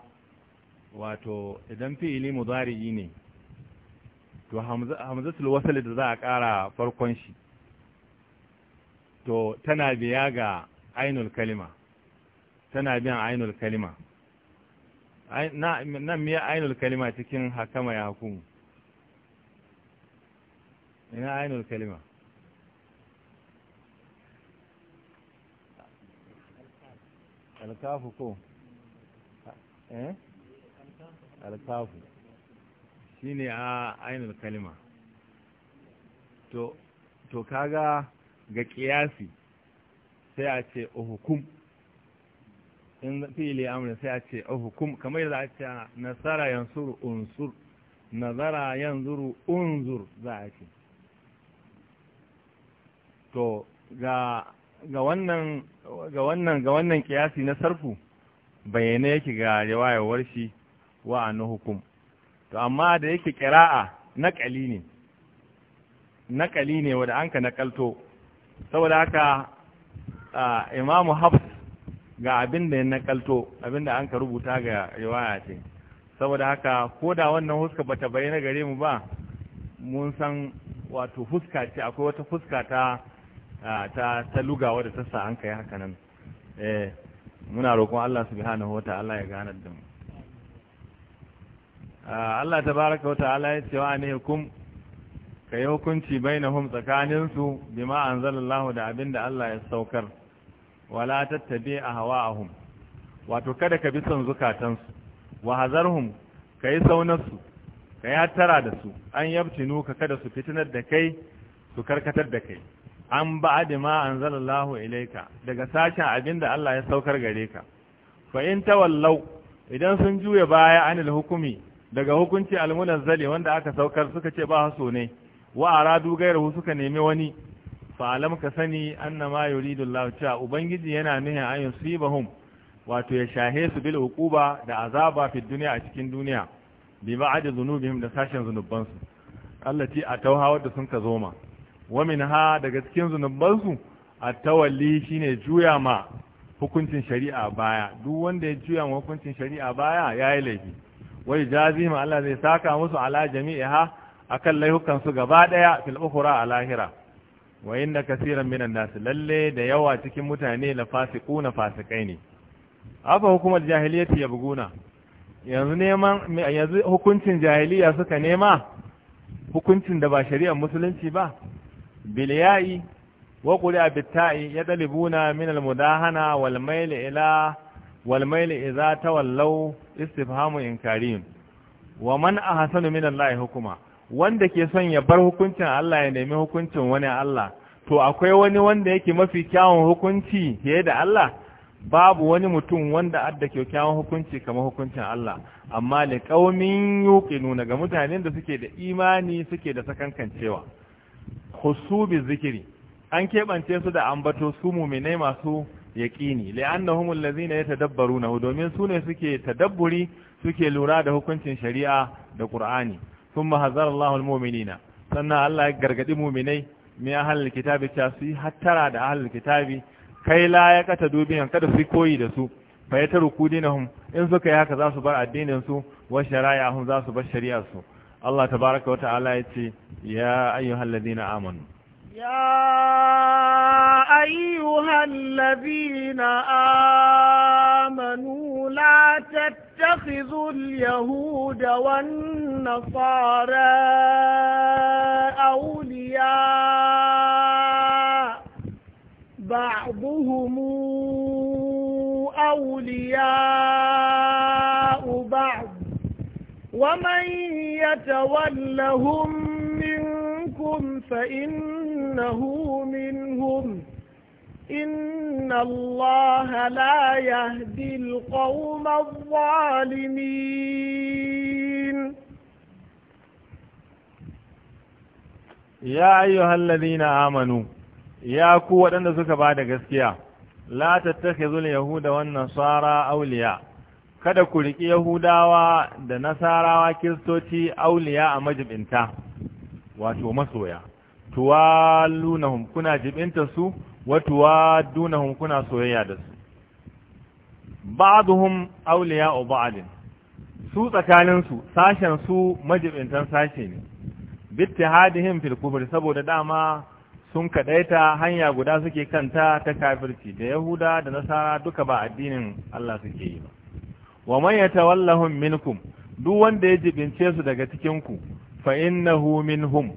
wato idan fi'ili mudari'i ne to hamzatul wasali da za a ƙara farkon shi to tana biya ga ainul kalima tana biyan ainul kalima nan miya ainul kalima cikin hakama ya hukumu ina ainul kalima alkafu ko eh alkafu shine a ainul kalima to to kaga ga kiyasi sai a ce uhukum in fili amri sai a ce uhukum kamar yadda a ce nasara yansuru unsur nazara yanzuru unzur za a ce to ga ga wannan ga wannan ga wannan kiyasi na sarfu bayyana yake ga riwayar shi wa an hukum to amma da yake qira'a naqali ne naqali ne wanda anka nakalto saboda haka imamu hafs ga abin da ya nakalto abin da anka rubuta ga riwaya ce saboda haka ko da wannan huska bata bayyana gare mu ba mun san wato fuska ce akwai wata fuska ta ta ta lugawa da tassa an kai haka nan eh muna roƙon Allah subhanahu wa ta'ala ya gane da mu Allah tabaaraka wa ta'ala ya ce wa ne hukum kai hukunci hum tsakanin su bima anzalallahu da abinda Allah ya saukar wala tattabi ahwa'ahum wato kada ka bi son zukatansu wa hazarhum kai saunarsu kai hattara da su an yabtinu ka kada su fitinar da kai su karkatar da kai an ba'adi ma anzalallahu ilaika daga sashen abinda Allah ya saukar gare ka fa in tawallau idan sun juya baya anil hukumi daga hukunci almunazzali wanda aka saukar suka ce ba haso ne wa aradu gairahu suka nemi wani fa alam ka sani annama yuridu Allah cewa ubangiji yana nuhin ayun sibahum wato ya shahe su bil hukuba da azaba fi duniya a cikin duniya bi ba'adi zunubihim da sashen zunubansu allati atawha wadda sun ka zoma wa ha daga cikin zunubansu a tawalli shine juya ma hukuncin shari'a baya duk wanda ya juya ma hukuncin shari'a baya ya yi laifi wai jazi ma Allah zai saka musu ala ha akan laifukan su gaba ɗaya fil ukhra a lahira wa inna kaseeran minan nas lalle da yawa cikin mutane la fasiquna fasikai ne afa hukumar jahiliyyati yabguna yanzu neman yanzu hukuncin jahiliya suka nema hukuncin da ba shari'ar musulunci ba bilya'i wa quri'a bitta'i yadlibuna min almudahana wal mail ila wal mail idza tawallaw istifhamu inkarin wa man ahsanu min hukuma wanda ke son ya bar hukuncin Allah ya nemi hukuncin wani Allah to akwai wani wanda yake mafi kyawun hukunci fiye da Allah babu wani mutum wanda adda kyakkyawan hukunci kamar hukuncin Allah amma liqaumin yuqinu ga mutanen da suke da imani suke da sakankancewa husubi zikiri an keɓance su da ambato su muminai masu yaƙini li'annahum allazina yatadabbaruna domin su ne suke tadabburi suke lura da hukuncin shari'a da Qur'ani thumma hazara Allahu almu'minina sannan Allah ya gargadi muminai mai ahlul kitabi ta su hattara da ahlul kitabi kai la ya kata dubiyan kada su koyi da su fa yataruku dinahum in suka yi haka za su bar addinin su wa shari'ahum za su bar shari'ar su الله تبارك وتعالى يا أيها الذين آمنوا يا أيها الذين آمنوا لا تتخذوا اليهود والنصارى أولياء بعضهم أولياء بعض ومن يتولهم منكم فإنه منهم إن الله لا يهدي القوم الظالمين يا أيها الذين آمنوا يا قوة أن تسكبها دقسكيا لا تتخذوا اليهود والنصارى أولياء kada ku riƙi yahudawa da nasarawa kiristoci auliya a majibinta wato masoya tuwalunahum kuna jibinta su wa tuwadunahum kuna soyayya da su ba'duhum auliya u ba'din su tsakanin su sashen su majibintan sashe ne bittihadihim fil kufr saboda dama sun kaɗaita, hanya guda suke kanta ta kafirci da yahuda da nasara duka ba addinin Allah suke yi ba wa man yatawallahum minkum duk wanda ya jibince su daga cikin ku fa innahu minhum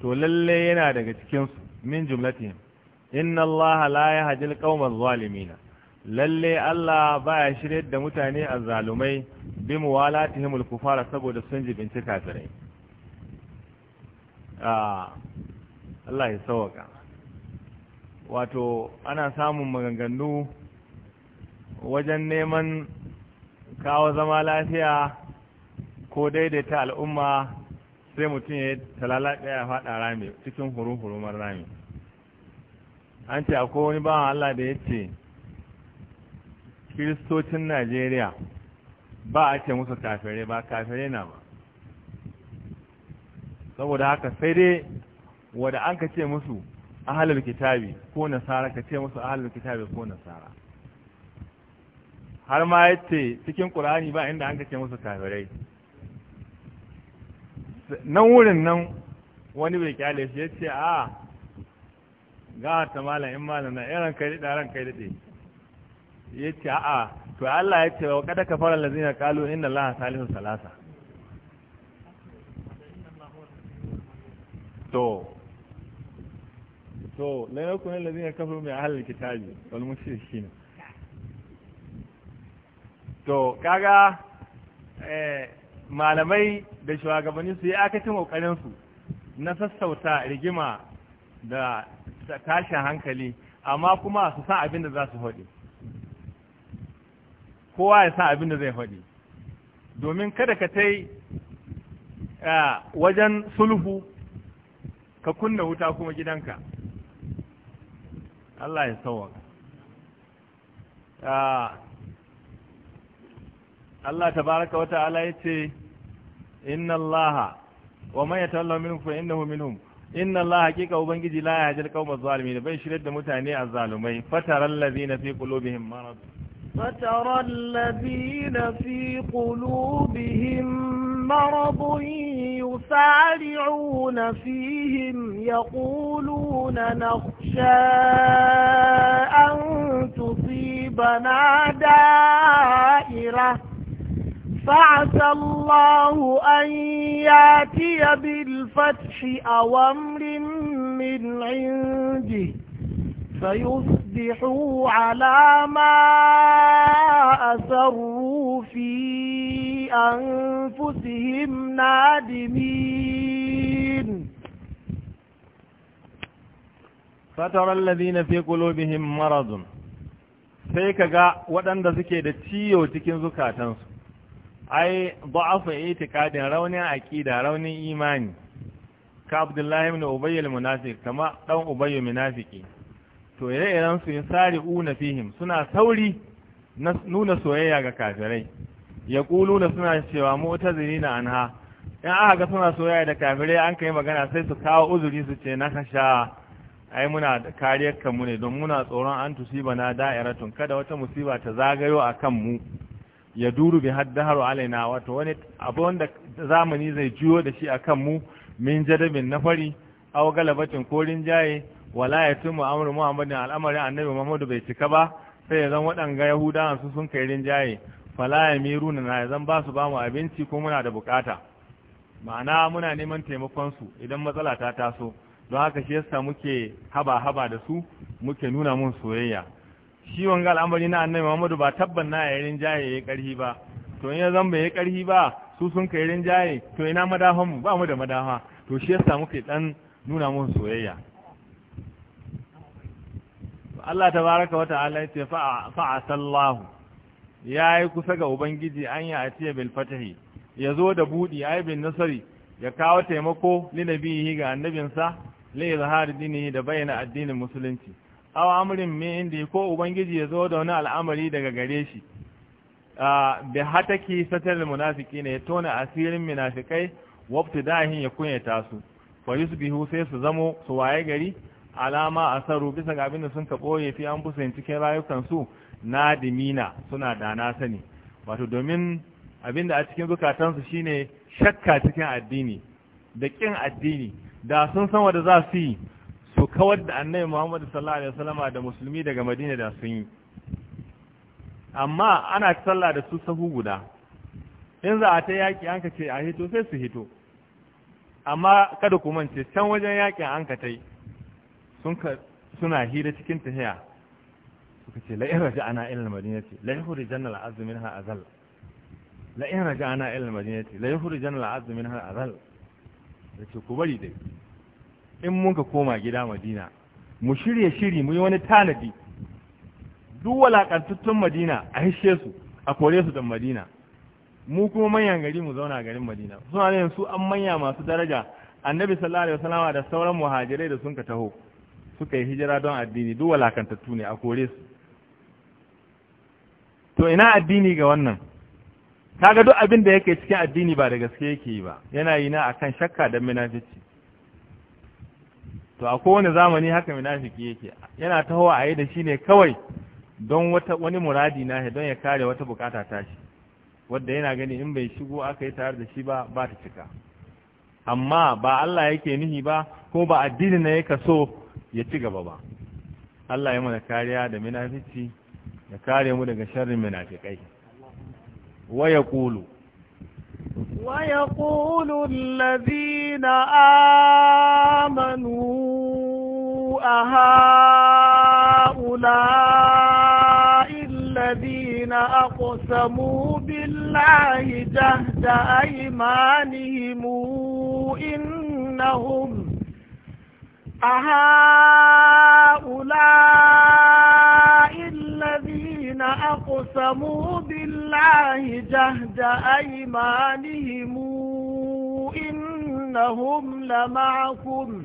to lalle yana daga cikin su min jumlatihim inna Allah la yahdil qawma adh-dhalimin lalle Allah baya shiryar da mutane azzalumai bi muwalatihim al-kufara saboda sun jibince kafirai ah, Allah ya sauka wato ana samun maganganu wajen neman kawo zama lafiya ko daidaita al'umma sai mutum ya talala ɗaya faɗa rami cikin hurumar rami an ce akwai wani bawan Allah da ya ce kiristocin najeriya ba a ce musu kafere, ba kafere na ba saboda haka sai dai wadda an ka ce musu ahalar kitabi ko nasara ka ce musu ahalar kitabi ko nasara har ma ya ce cikin ƙur'ani ba inda an kace musu kafirai nan wurin nan wani bai kyale shi ya ce a ah, ga ta malam in malam na irin kai da ran kai dade ya ce a to Allah ya ce wa kada ka fara lazina kalu inna Allah salihu salasa to to ku ne lazina kafaru mai ahli kitabi wal mushrikin to kaga eh, malamai da shugabanni su yi akacin ƙoƙarinsu na sassauta rigima da tashin hankali amma kuma su san abin da za su haɗe kowa ya san abin da zai faɗi domin kada ka tai wajen sulhu ka kunna wuta kuma gidanka Allah ya sauwa Allah tabaraka wa ta'ala yace inna Allah wa man yatawalla minkum fa innahu minhum inna Allah haqiqa ubangiji la yahdil qawma zalimin bai shirar da mutane azzalumai fataral ladina fi qulubihim marad فترى الذين في قلوبهم مرض يسارعون فيهم يقولون نخشى أن تصيبنا دائرة فعسى الله أن ياتي بالفتح أو أمر من عنده فيصبحوا على ما أسروا في أنفسهم نادمين فترى الذين في قلوبهم مرض sai kaga waɗanda suke da تكين زكاة تنسو ai da'afu itikadin raunin aqida raunin imani ka abdullahi ibn ubayy al-munafiq kama dan ubayy munafiki to ire-iren su una fihim suna sauri nuna soyayya ga kafirai yaquluna suna cewa mu'tazilina anha in aka ga suna soyayya da kafirai an kai magana sai su kawo uzuri su ce na kasha ai muna kariyar kanmu ne don muna tsoron an tusiba na da'iratun kada wata musiba ta zagayo akan mu ya duru bi haddaharu alaina wato wani abu wanda zamani zai juyo da shi akan mu min jadabin na fari aw galabatin ko rinjaye wala ya tumu amru muhammadin al'amari annabi muhammadu bai cika ba sai ya zan waɗanga yahudawan su sun kai rinjaye fala ya miru na ya zan ba su ba mu abinci ko muna da bukata ma'ana muna neman taimakon su idan matsala ta taso don haka shi yasa muke haba haba da su muke nuna mun soyayya shi wanga al'amari na annabi Muhammadu ba tabban na yayin jaye yayi karhi ba to in ya zan bai karhi ba su sun kai yayin jaye to ina madafan mu ba mu da madafa to shi yasa muke dan nuna musu soyayya Allah ta wa ta'ala ya ce ya yayi kusa ga ubangiji an ya atiya bil fatahi zo da budi ay bin nasari ya kawo taimako linabihi ga annabinsa lai zahar dini, da bayyana addinin musulunci aw amrin min indi ko ubangiji ya zo da wani al'amari daga gare shi bi hataki satar munafiki ne ya tona asirin munafikai wabta dahin ya kunyata su fa yusbihu sai su zamo su waye gari alama a asaru bisa ga abin da sun ka boye fi an busa cikin rayukan na dimina suna da na sani wato domin abinda a cikin zukatan shine shakka cikin addini da kin addini da sun san wanda za su yi su kawar da annabi Muhammadu sallallahu alaihi wasallama da musulmi daga Madina da sun yi amma ana sallah da su sahu guda in za a ta yaƙi an ka ce a hito sai su hito amma kada ku ce can wajen yaƙin an ka tai sun ka suna hira cikin tahiya suka ce la'in raja ana ilal madinati la yuhri jannal azmi har azal la in raja ana ilal madinati la yuhri jannal azmi har azal yace ku bari dai in mun ka koma gida madina mu shirya shiri mu yi wani tanadi duk walakantattun madina a hishe su a kore su don madina mu kuma manyan gari mu zauna garin madina suna ne su an manya masu daraja annabi sallallahu alaihi wasallama da sauran muhajirai da sun ka taho suka yi hijira don addini duk walakantattu ne a kore su to ina addini ga wannan kaga duk abin da yake cikin addini ba da gaske yake yi ba yana yi na akan shakka da munafici to a kowane zamani haka munafiki yake yana taho a yi da shi ne kawai don wani muradi na don ya kare wata bukata ta shi wadda yana gani in bai shigo aka yi tare da shi ba ba ta cika amma ba Allah yake nihi ba ko ba addini na yake so ya ci gaba ba Allah ya mana kariya da munafici ya kare mu daga sharrin munafikai wa yaqulu ويقول الذين آمنوا أهؤلاء الذين أقسموا بالله جهد أيمانهم إنهم أهؤلاء الذين أقسموا بالله جهد أيمانهم إنهم لمعكم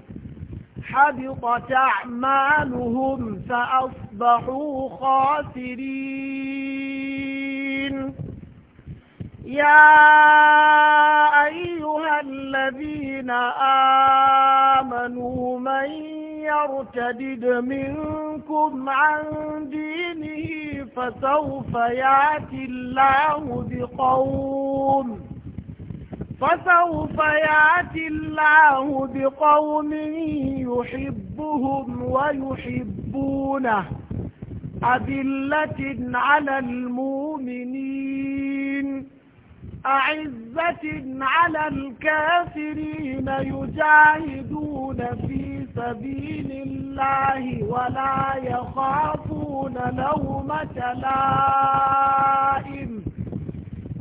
حبطت أعمالهم فأصبحوا خاسرين يا أيها الذين آمنوا من يرتد منكم عن دينه فسوف يأتي الله بقوم فسوف يأتي الله بقوم يحبهم ويحبونه أذلة على المؤمنين أعزة على الكافرين يجاهدون في سبيل الله ولا يخافون لومة لائم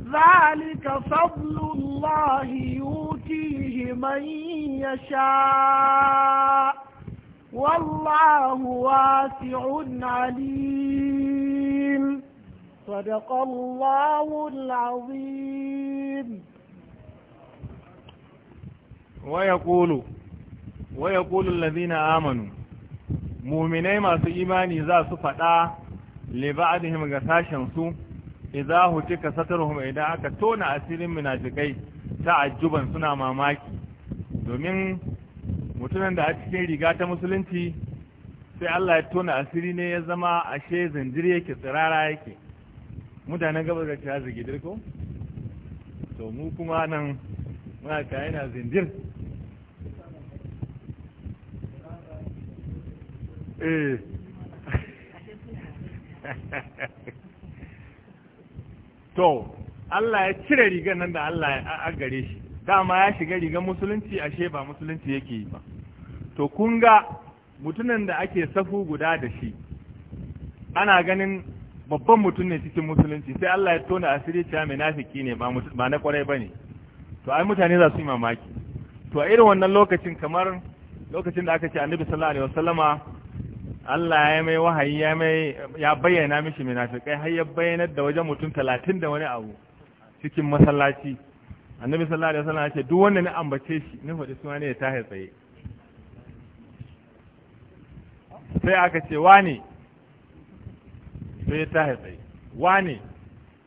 ذلك فضل الله يؤتيه من يشاء والله واسع عليم صدق الله العظيم ويقول Waya yaqulu lazina amanu mu'minai masu imani za su faɗa li ga sashen su idza hutika satarhum idan aka tona asirin ta ajuban suna mamaki domin mutunan da a cikin riga ta musulunci sai Allah ya tona asiri ne ya zama ashe zindir yake tsirara yake mutanen gabar da ta zigidir ko to mu kuma nan muna ta zindir Eh. to Allah ya cire rigar nan da Allah ya gare shi dama ya shiga rigar musulunci ashe ba musulunci yake yi ba to kun ga mutunan da ake safu guda da shi ana ganin babban mutum ne cikin musulunci sai Allah ya tona asiri cewa nafiki ne ba na kwarai ba ne. to ai mutane za su yi mamaki to a irin wannan lokacin kamar lokacin da aka ce Annabi sallallahu alaihi wasallama Allah ya mai wahayi ya mai ya bayyana mishi munafikai har ya bayyanar da wajen mutum talatin da wani abu cikin masallaci annabi sallallahu alaihi wasallam ya ce duk wanda na ambace shi ni fadi suna ne ya tahe tsaye sai aka ce wane sai ya tahe tsaye wani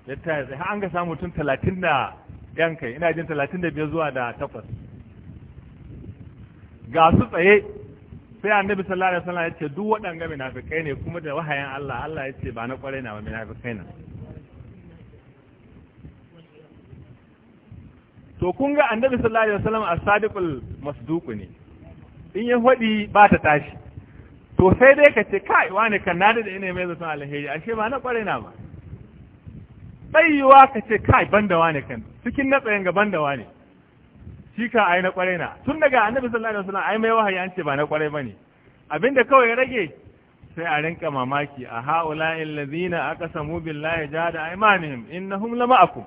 ya tahe tsaye har an ga samu mutum talatin da yankai ina jin talatin da biyar zuwa da takwas ga su tsaye sai annabi sallallahu alaihi wasallam ya ce duk waɗanga munafikai ne kuma da wahayin Allah Allah ya ce ba na kware na ba munafikai na to kun ga annabi sallallahu alaihi wasallam as-sadiqul masduq ne in ya fadi ba ta tashi to sai dai ka ce kai wani kan na da ina mai zaton alheri ashe ba na kware na ba tsayuwa ka ce kai banda wani kan cikin na tsayin ga banda wani shi ka ai na kwarai na tun daga annabi sallallahu alaihi wasallam ai mai wahayi an ce ba na kwarai bane abinda kawai ya rage sai a rinka mamaki a ha'ula'i allazina aqsamu billahi jada aymanihim innahum lama'akum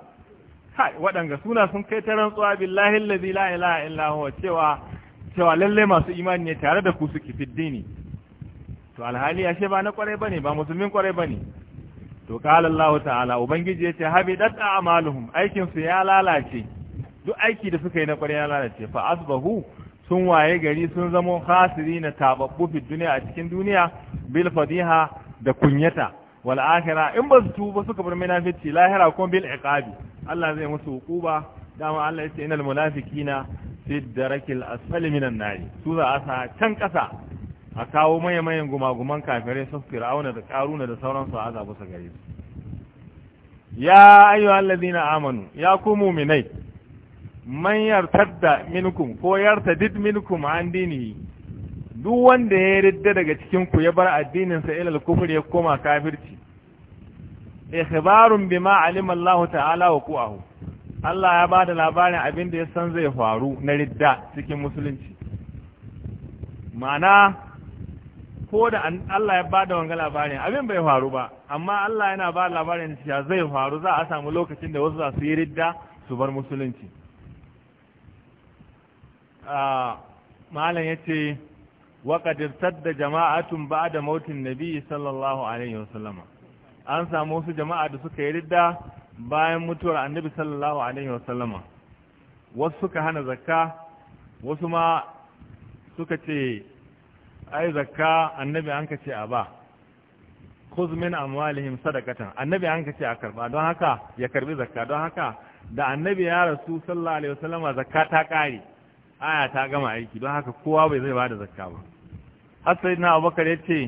kai waɗanga suna sun kai ta rantsuwa billahi allazi la ilaha illa huwa cewa cewa lalle masu imani ne tare da ku suke fiddini to alhali ashe ba na kwarai bane ba musulmin kwarai bane to qala allah ta'ala ubangiji yace habidat a'maluhum aikin su ya lalace duk aiki da suka yi na ƙwarya lalace fa asbahu sun waye gari sun zama hasiri na tababbu fi duniya a cikin duniya bil fadiha da kunyata wal akhirah in ba su tuba suka bar munafici lahira kuma bil iqabi Allah zai musu hukuba dama Allah yace innal munafiqina fi darakil asfali minan nar su za a sa can kasa a kawo maye mayen gumaguman kafirai su fir'auna da karuna da sauransu a azabu sa gare su ya ayyuhallazina amanu ya ku man yartadda minkum ko yartadid minkum an dini duk wanda ya ridda daga cikin ku ya bar addinin sa ilal kufr ya koma kafirci ikhbarun bima alima Allah ta'ala wa qu'ahu Allah ya bada labarin abin da ya san zai faru na ridda cikin musulunci ma'ana ko da Allah ya bada wanga labarin abin bai faru ba amma Allah yana ba labarin cewa zai faru za a samu lokacin da wasu za su yi ridda su bar musulunci malam ya ce waƙadirtar da jama'atun ba da mautin nabi sallallahu alaihi wasallama an samu wasu jama'a da suka yi ridda bayan mutuwar annabi sallallahu alaihi wasallama wasu suka hana zakka wasu ma suka ce ai zakka annabi an ka ce a ba kuzmin amwalihim sadaqatan annabi an ka ce a karba don haka ya karbi zakka don haka da annabi ya rasu sallallahu alaihi wasallama zakka ta kare aya ta gama aiki don haka kowa bai zai bada zakka ba har sai na abubakar ya ce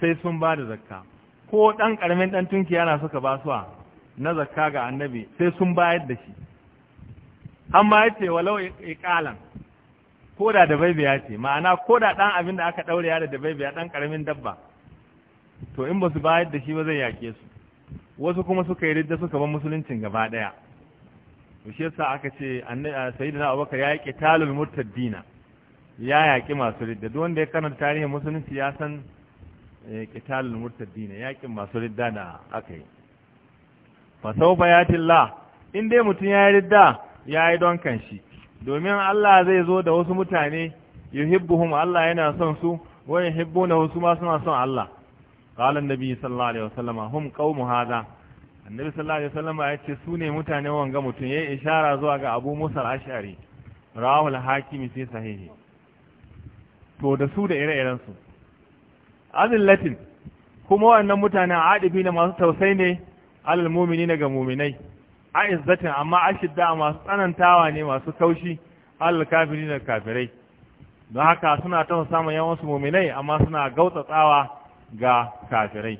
sai sun bada zakka ko ɗan ƙaramin ɗan tunki yana suka ba suwa na zakka ga annabi sai sun bayar da shi amma ya ce walau iƙalan ko da da baibiya ce ma'ana ko da ɗan abin da aka ɗaure da da baibiya ɗan ƙaramin dabba to in ba su bayar da shi ba zai yake su wasu kuma suka yi rijiya suka bar musuluncin gaba ɗaya shi yasa aka ce sayyidina abubakar ya yaƙi talul murtaddina ya yaƙi masu ridda duk wanda ya karanta tarihin musulunci ya san qitalul eh, murtaddina yaƙin masu ridda da aka yi fa sawfa yatillah in dai mutum ya ridda ya yi don kanshi domin Allah zai zo da wasu mutane yuhibbuhum Allah yana son su wa yuhibbuna wasu ma suna son Allah qala annabi sallallahu alaihi wasallam hum qaumu hada annabi sallallahu alaihi wasallam ya ce su ne mutane wanga mutum ya ishara zuwa ga abu musa ashari rawul hakimi sai sahihi to da su da ire-iren su Latin kuma wannan mutane adibi ne masu tausayi ne alal mumini ga muminai a izzatin amma ashidda masu tsanantawa ne masu kaushi alal kafiri da kafirai don haka suna ta samun yawan su muminai amma suna gautsatsawa ga kafirai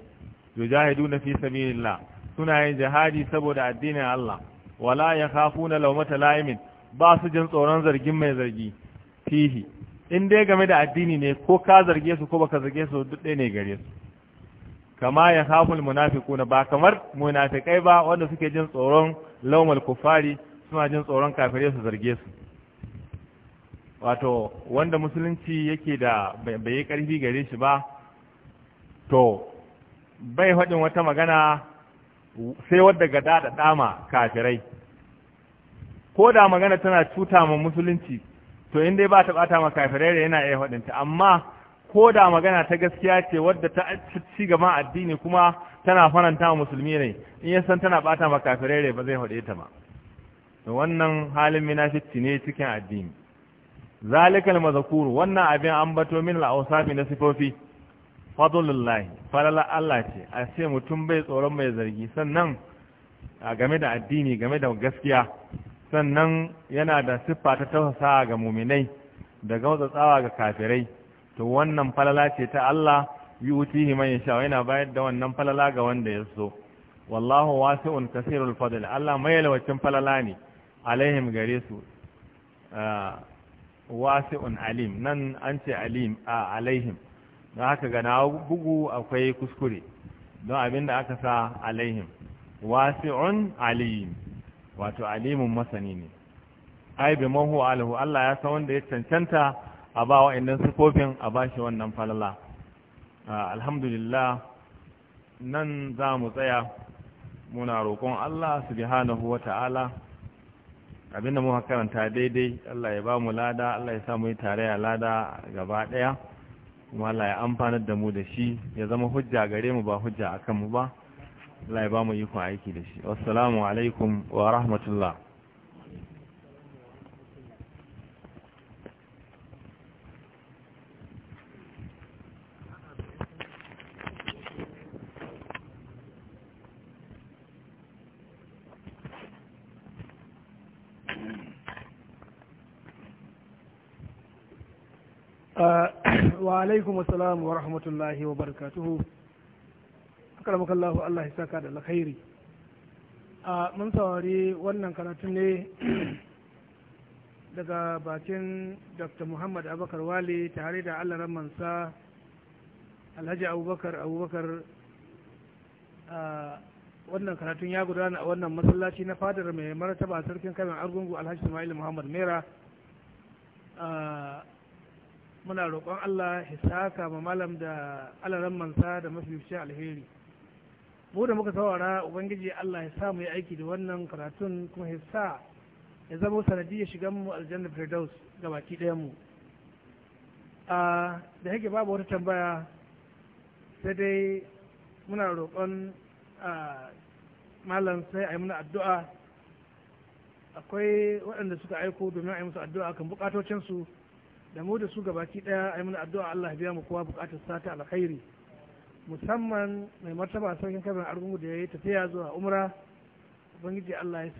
na fi sabilillah suna yin jihadi saboda addinin Allah wala ya na laumata laimin ba su jin tsoron zargin mai zargi fihi in dai game da addini ne ko ka zarge su ko baka zarge su duk ɗaya ne gare su kama ya munafiku na ba kamar munafikai ba wanda suke jin tsoron laumal kufari suna jin tsoron kafirai su zarge su wato wanda musulunci yake da bai yi karfi gare shi ba to bai faɗin wata magana sai wadda gada da dama kafirai ko da magana tana cuta ma musulunci to in dai ba ta bata ma kafirai da yana iya faɗinta amma ko da magana ta gaskiya ce wadda ta ci gaba addini kuma tana faranta ma musulmi ne in ya san tana bata ma kafirai da ba zai faɗe ta ba wannan halin fitti ne cikin addini zalikal mazkur wannan abin an bato min al-awsafi na sifofi fadlullahi falala Allah ce a ce mutum bai tsoron mai zargi sannan a game da addini game da gaskiya sannan yana da siffa ta tausasa ga muminai da tsawa ga kafirai to wannan falala ce ta Allah yu'tihi man yasha yana bayar da wannan falala ga wanda ya so wallahu wasi'un kasirul fadl Allah mai yalwacin falala ne alaihim gare su ah, wasi'un alim nan an ce alim a alaihim don haka gana bugu akwai kuskure don abin da aka sa alaihim wasi'un alim wato alimun masani ne ai bi mahu alahu Allah ya san wanda ya cancanta a ba su kofin a ba shi wannan falala ah, alhamdulillah nan za mu tsaya muna roƙon Allah Su subhanahu ta'ala, abinda muka karanta daidai Allah ya ba mu lada Allah ya sa mu yi tare a lada gaba ɗaya kuma Allah ya amfanar da mu da shi ya zama hujja gare mu ba hujja akan mu ba Allah ya ba mu ikon aiki da shi wassalamu alaikum wa rahmatullah wa alaikum assalam wa rahmatullahi wa barakatuhu akramakallahu Allah isa saka da alkhairi a mun saurari wannan karatu ne daga bakin Dr. Muhammad Abubakar Wali tare da Allah ramansa Alhaji Abubakar Abubakar wannan karatun ya gudana a wannan masallaci na fadar mai martaba sarkin kamin argungu alhaji ismail muhammad mera muna roƙon Allah ya ma malam da alaran mansa da mafificin alheri mu da muka saurara ubangiji Allah ya sa mu yi aiki da wannan karatun kuma ya sa ya zama ya shigan mu aljanna firdaus ga baki ɗaya mu a da yake babu wata tambaya sai dai muna roƙon malam sai a yi muna addu'a akwai waɗanda suka aiko domin a yi musu addu'a kan bukatocinsu da mu da su gabaki daya ayi mana addu'a Allah biya mu kowa bukatar sata alkhairi musamman mai martaba sarkin kabin argungu da ya yi tafiya zuwa umra ubangiji Allah ya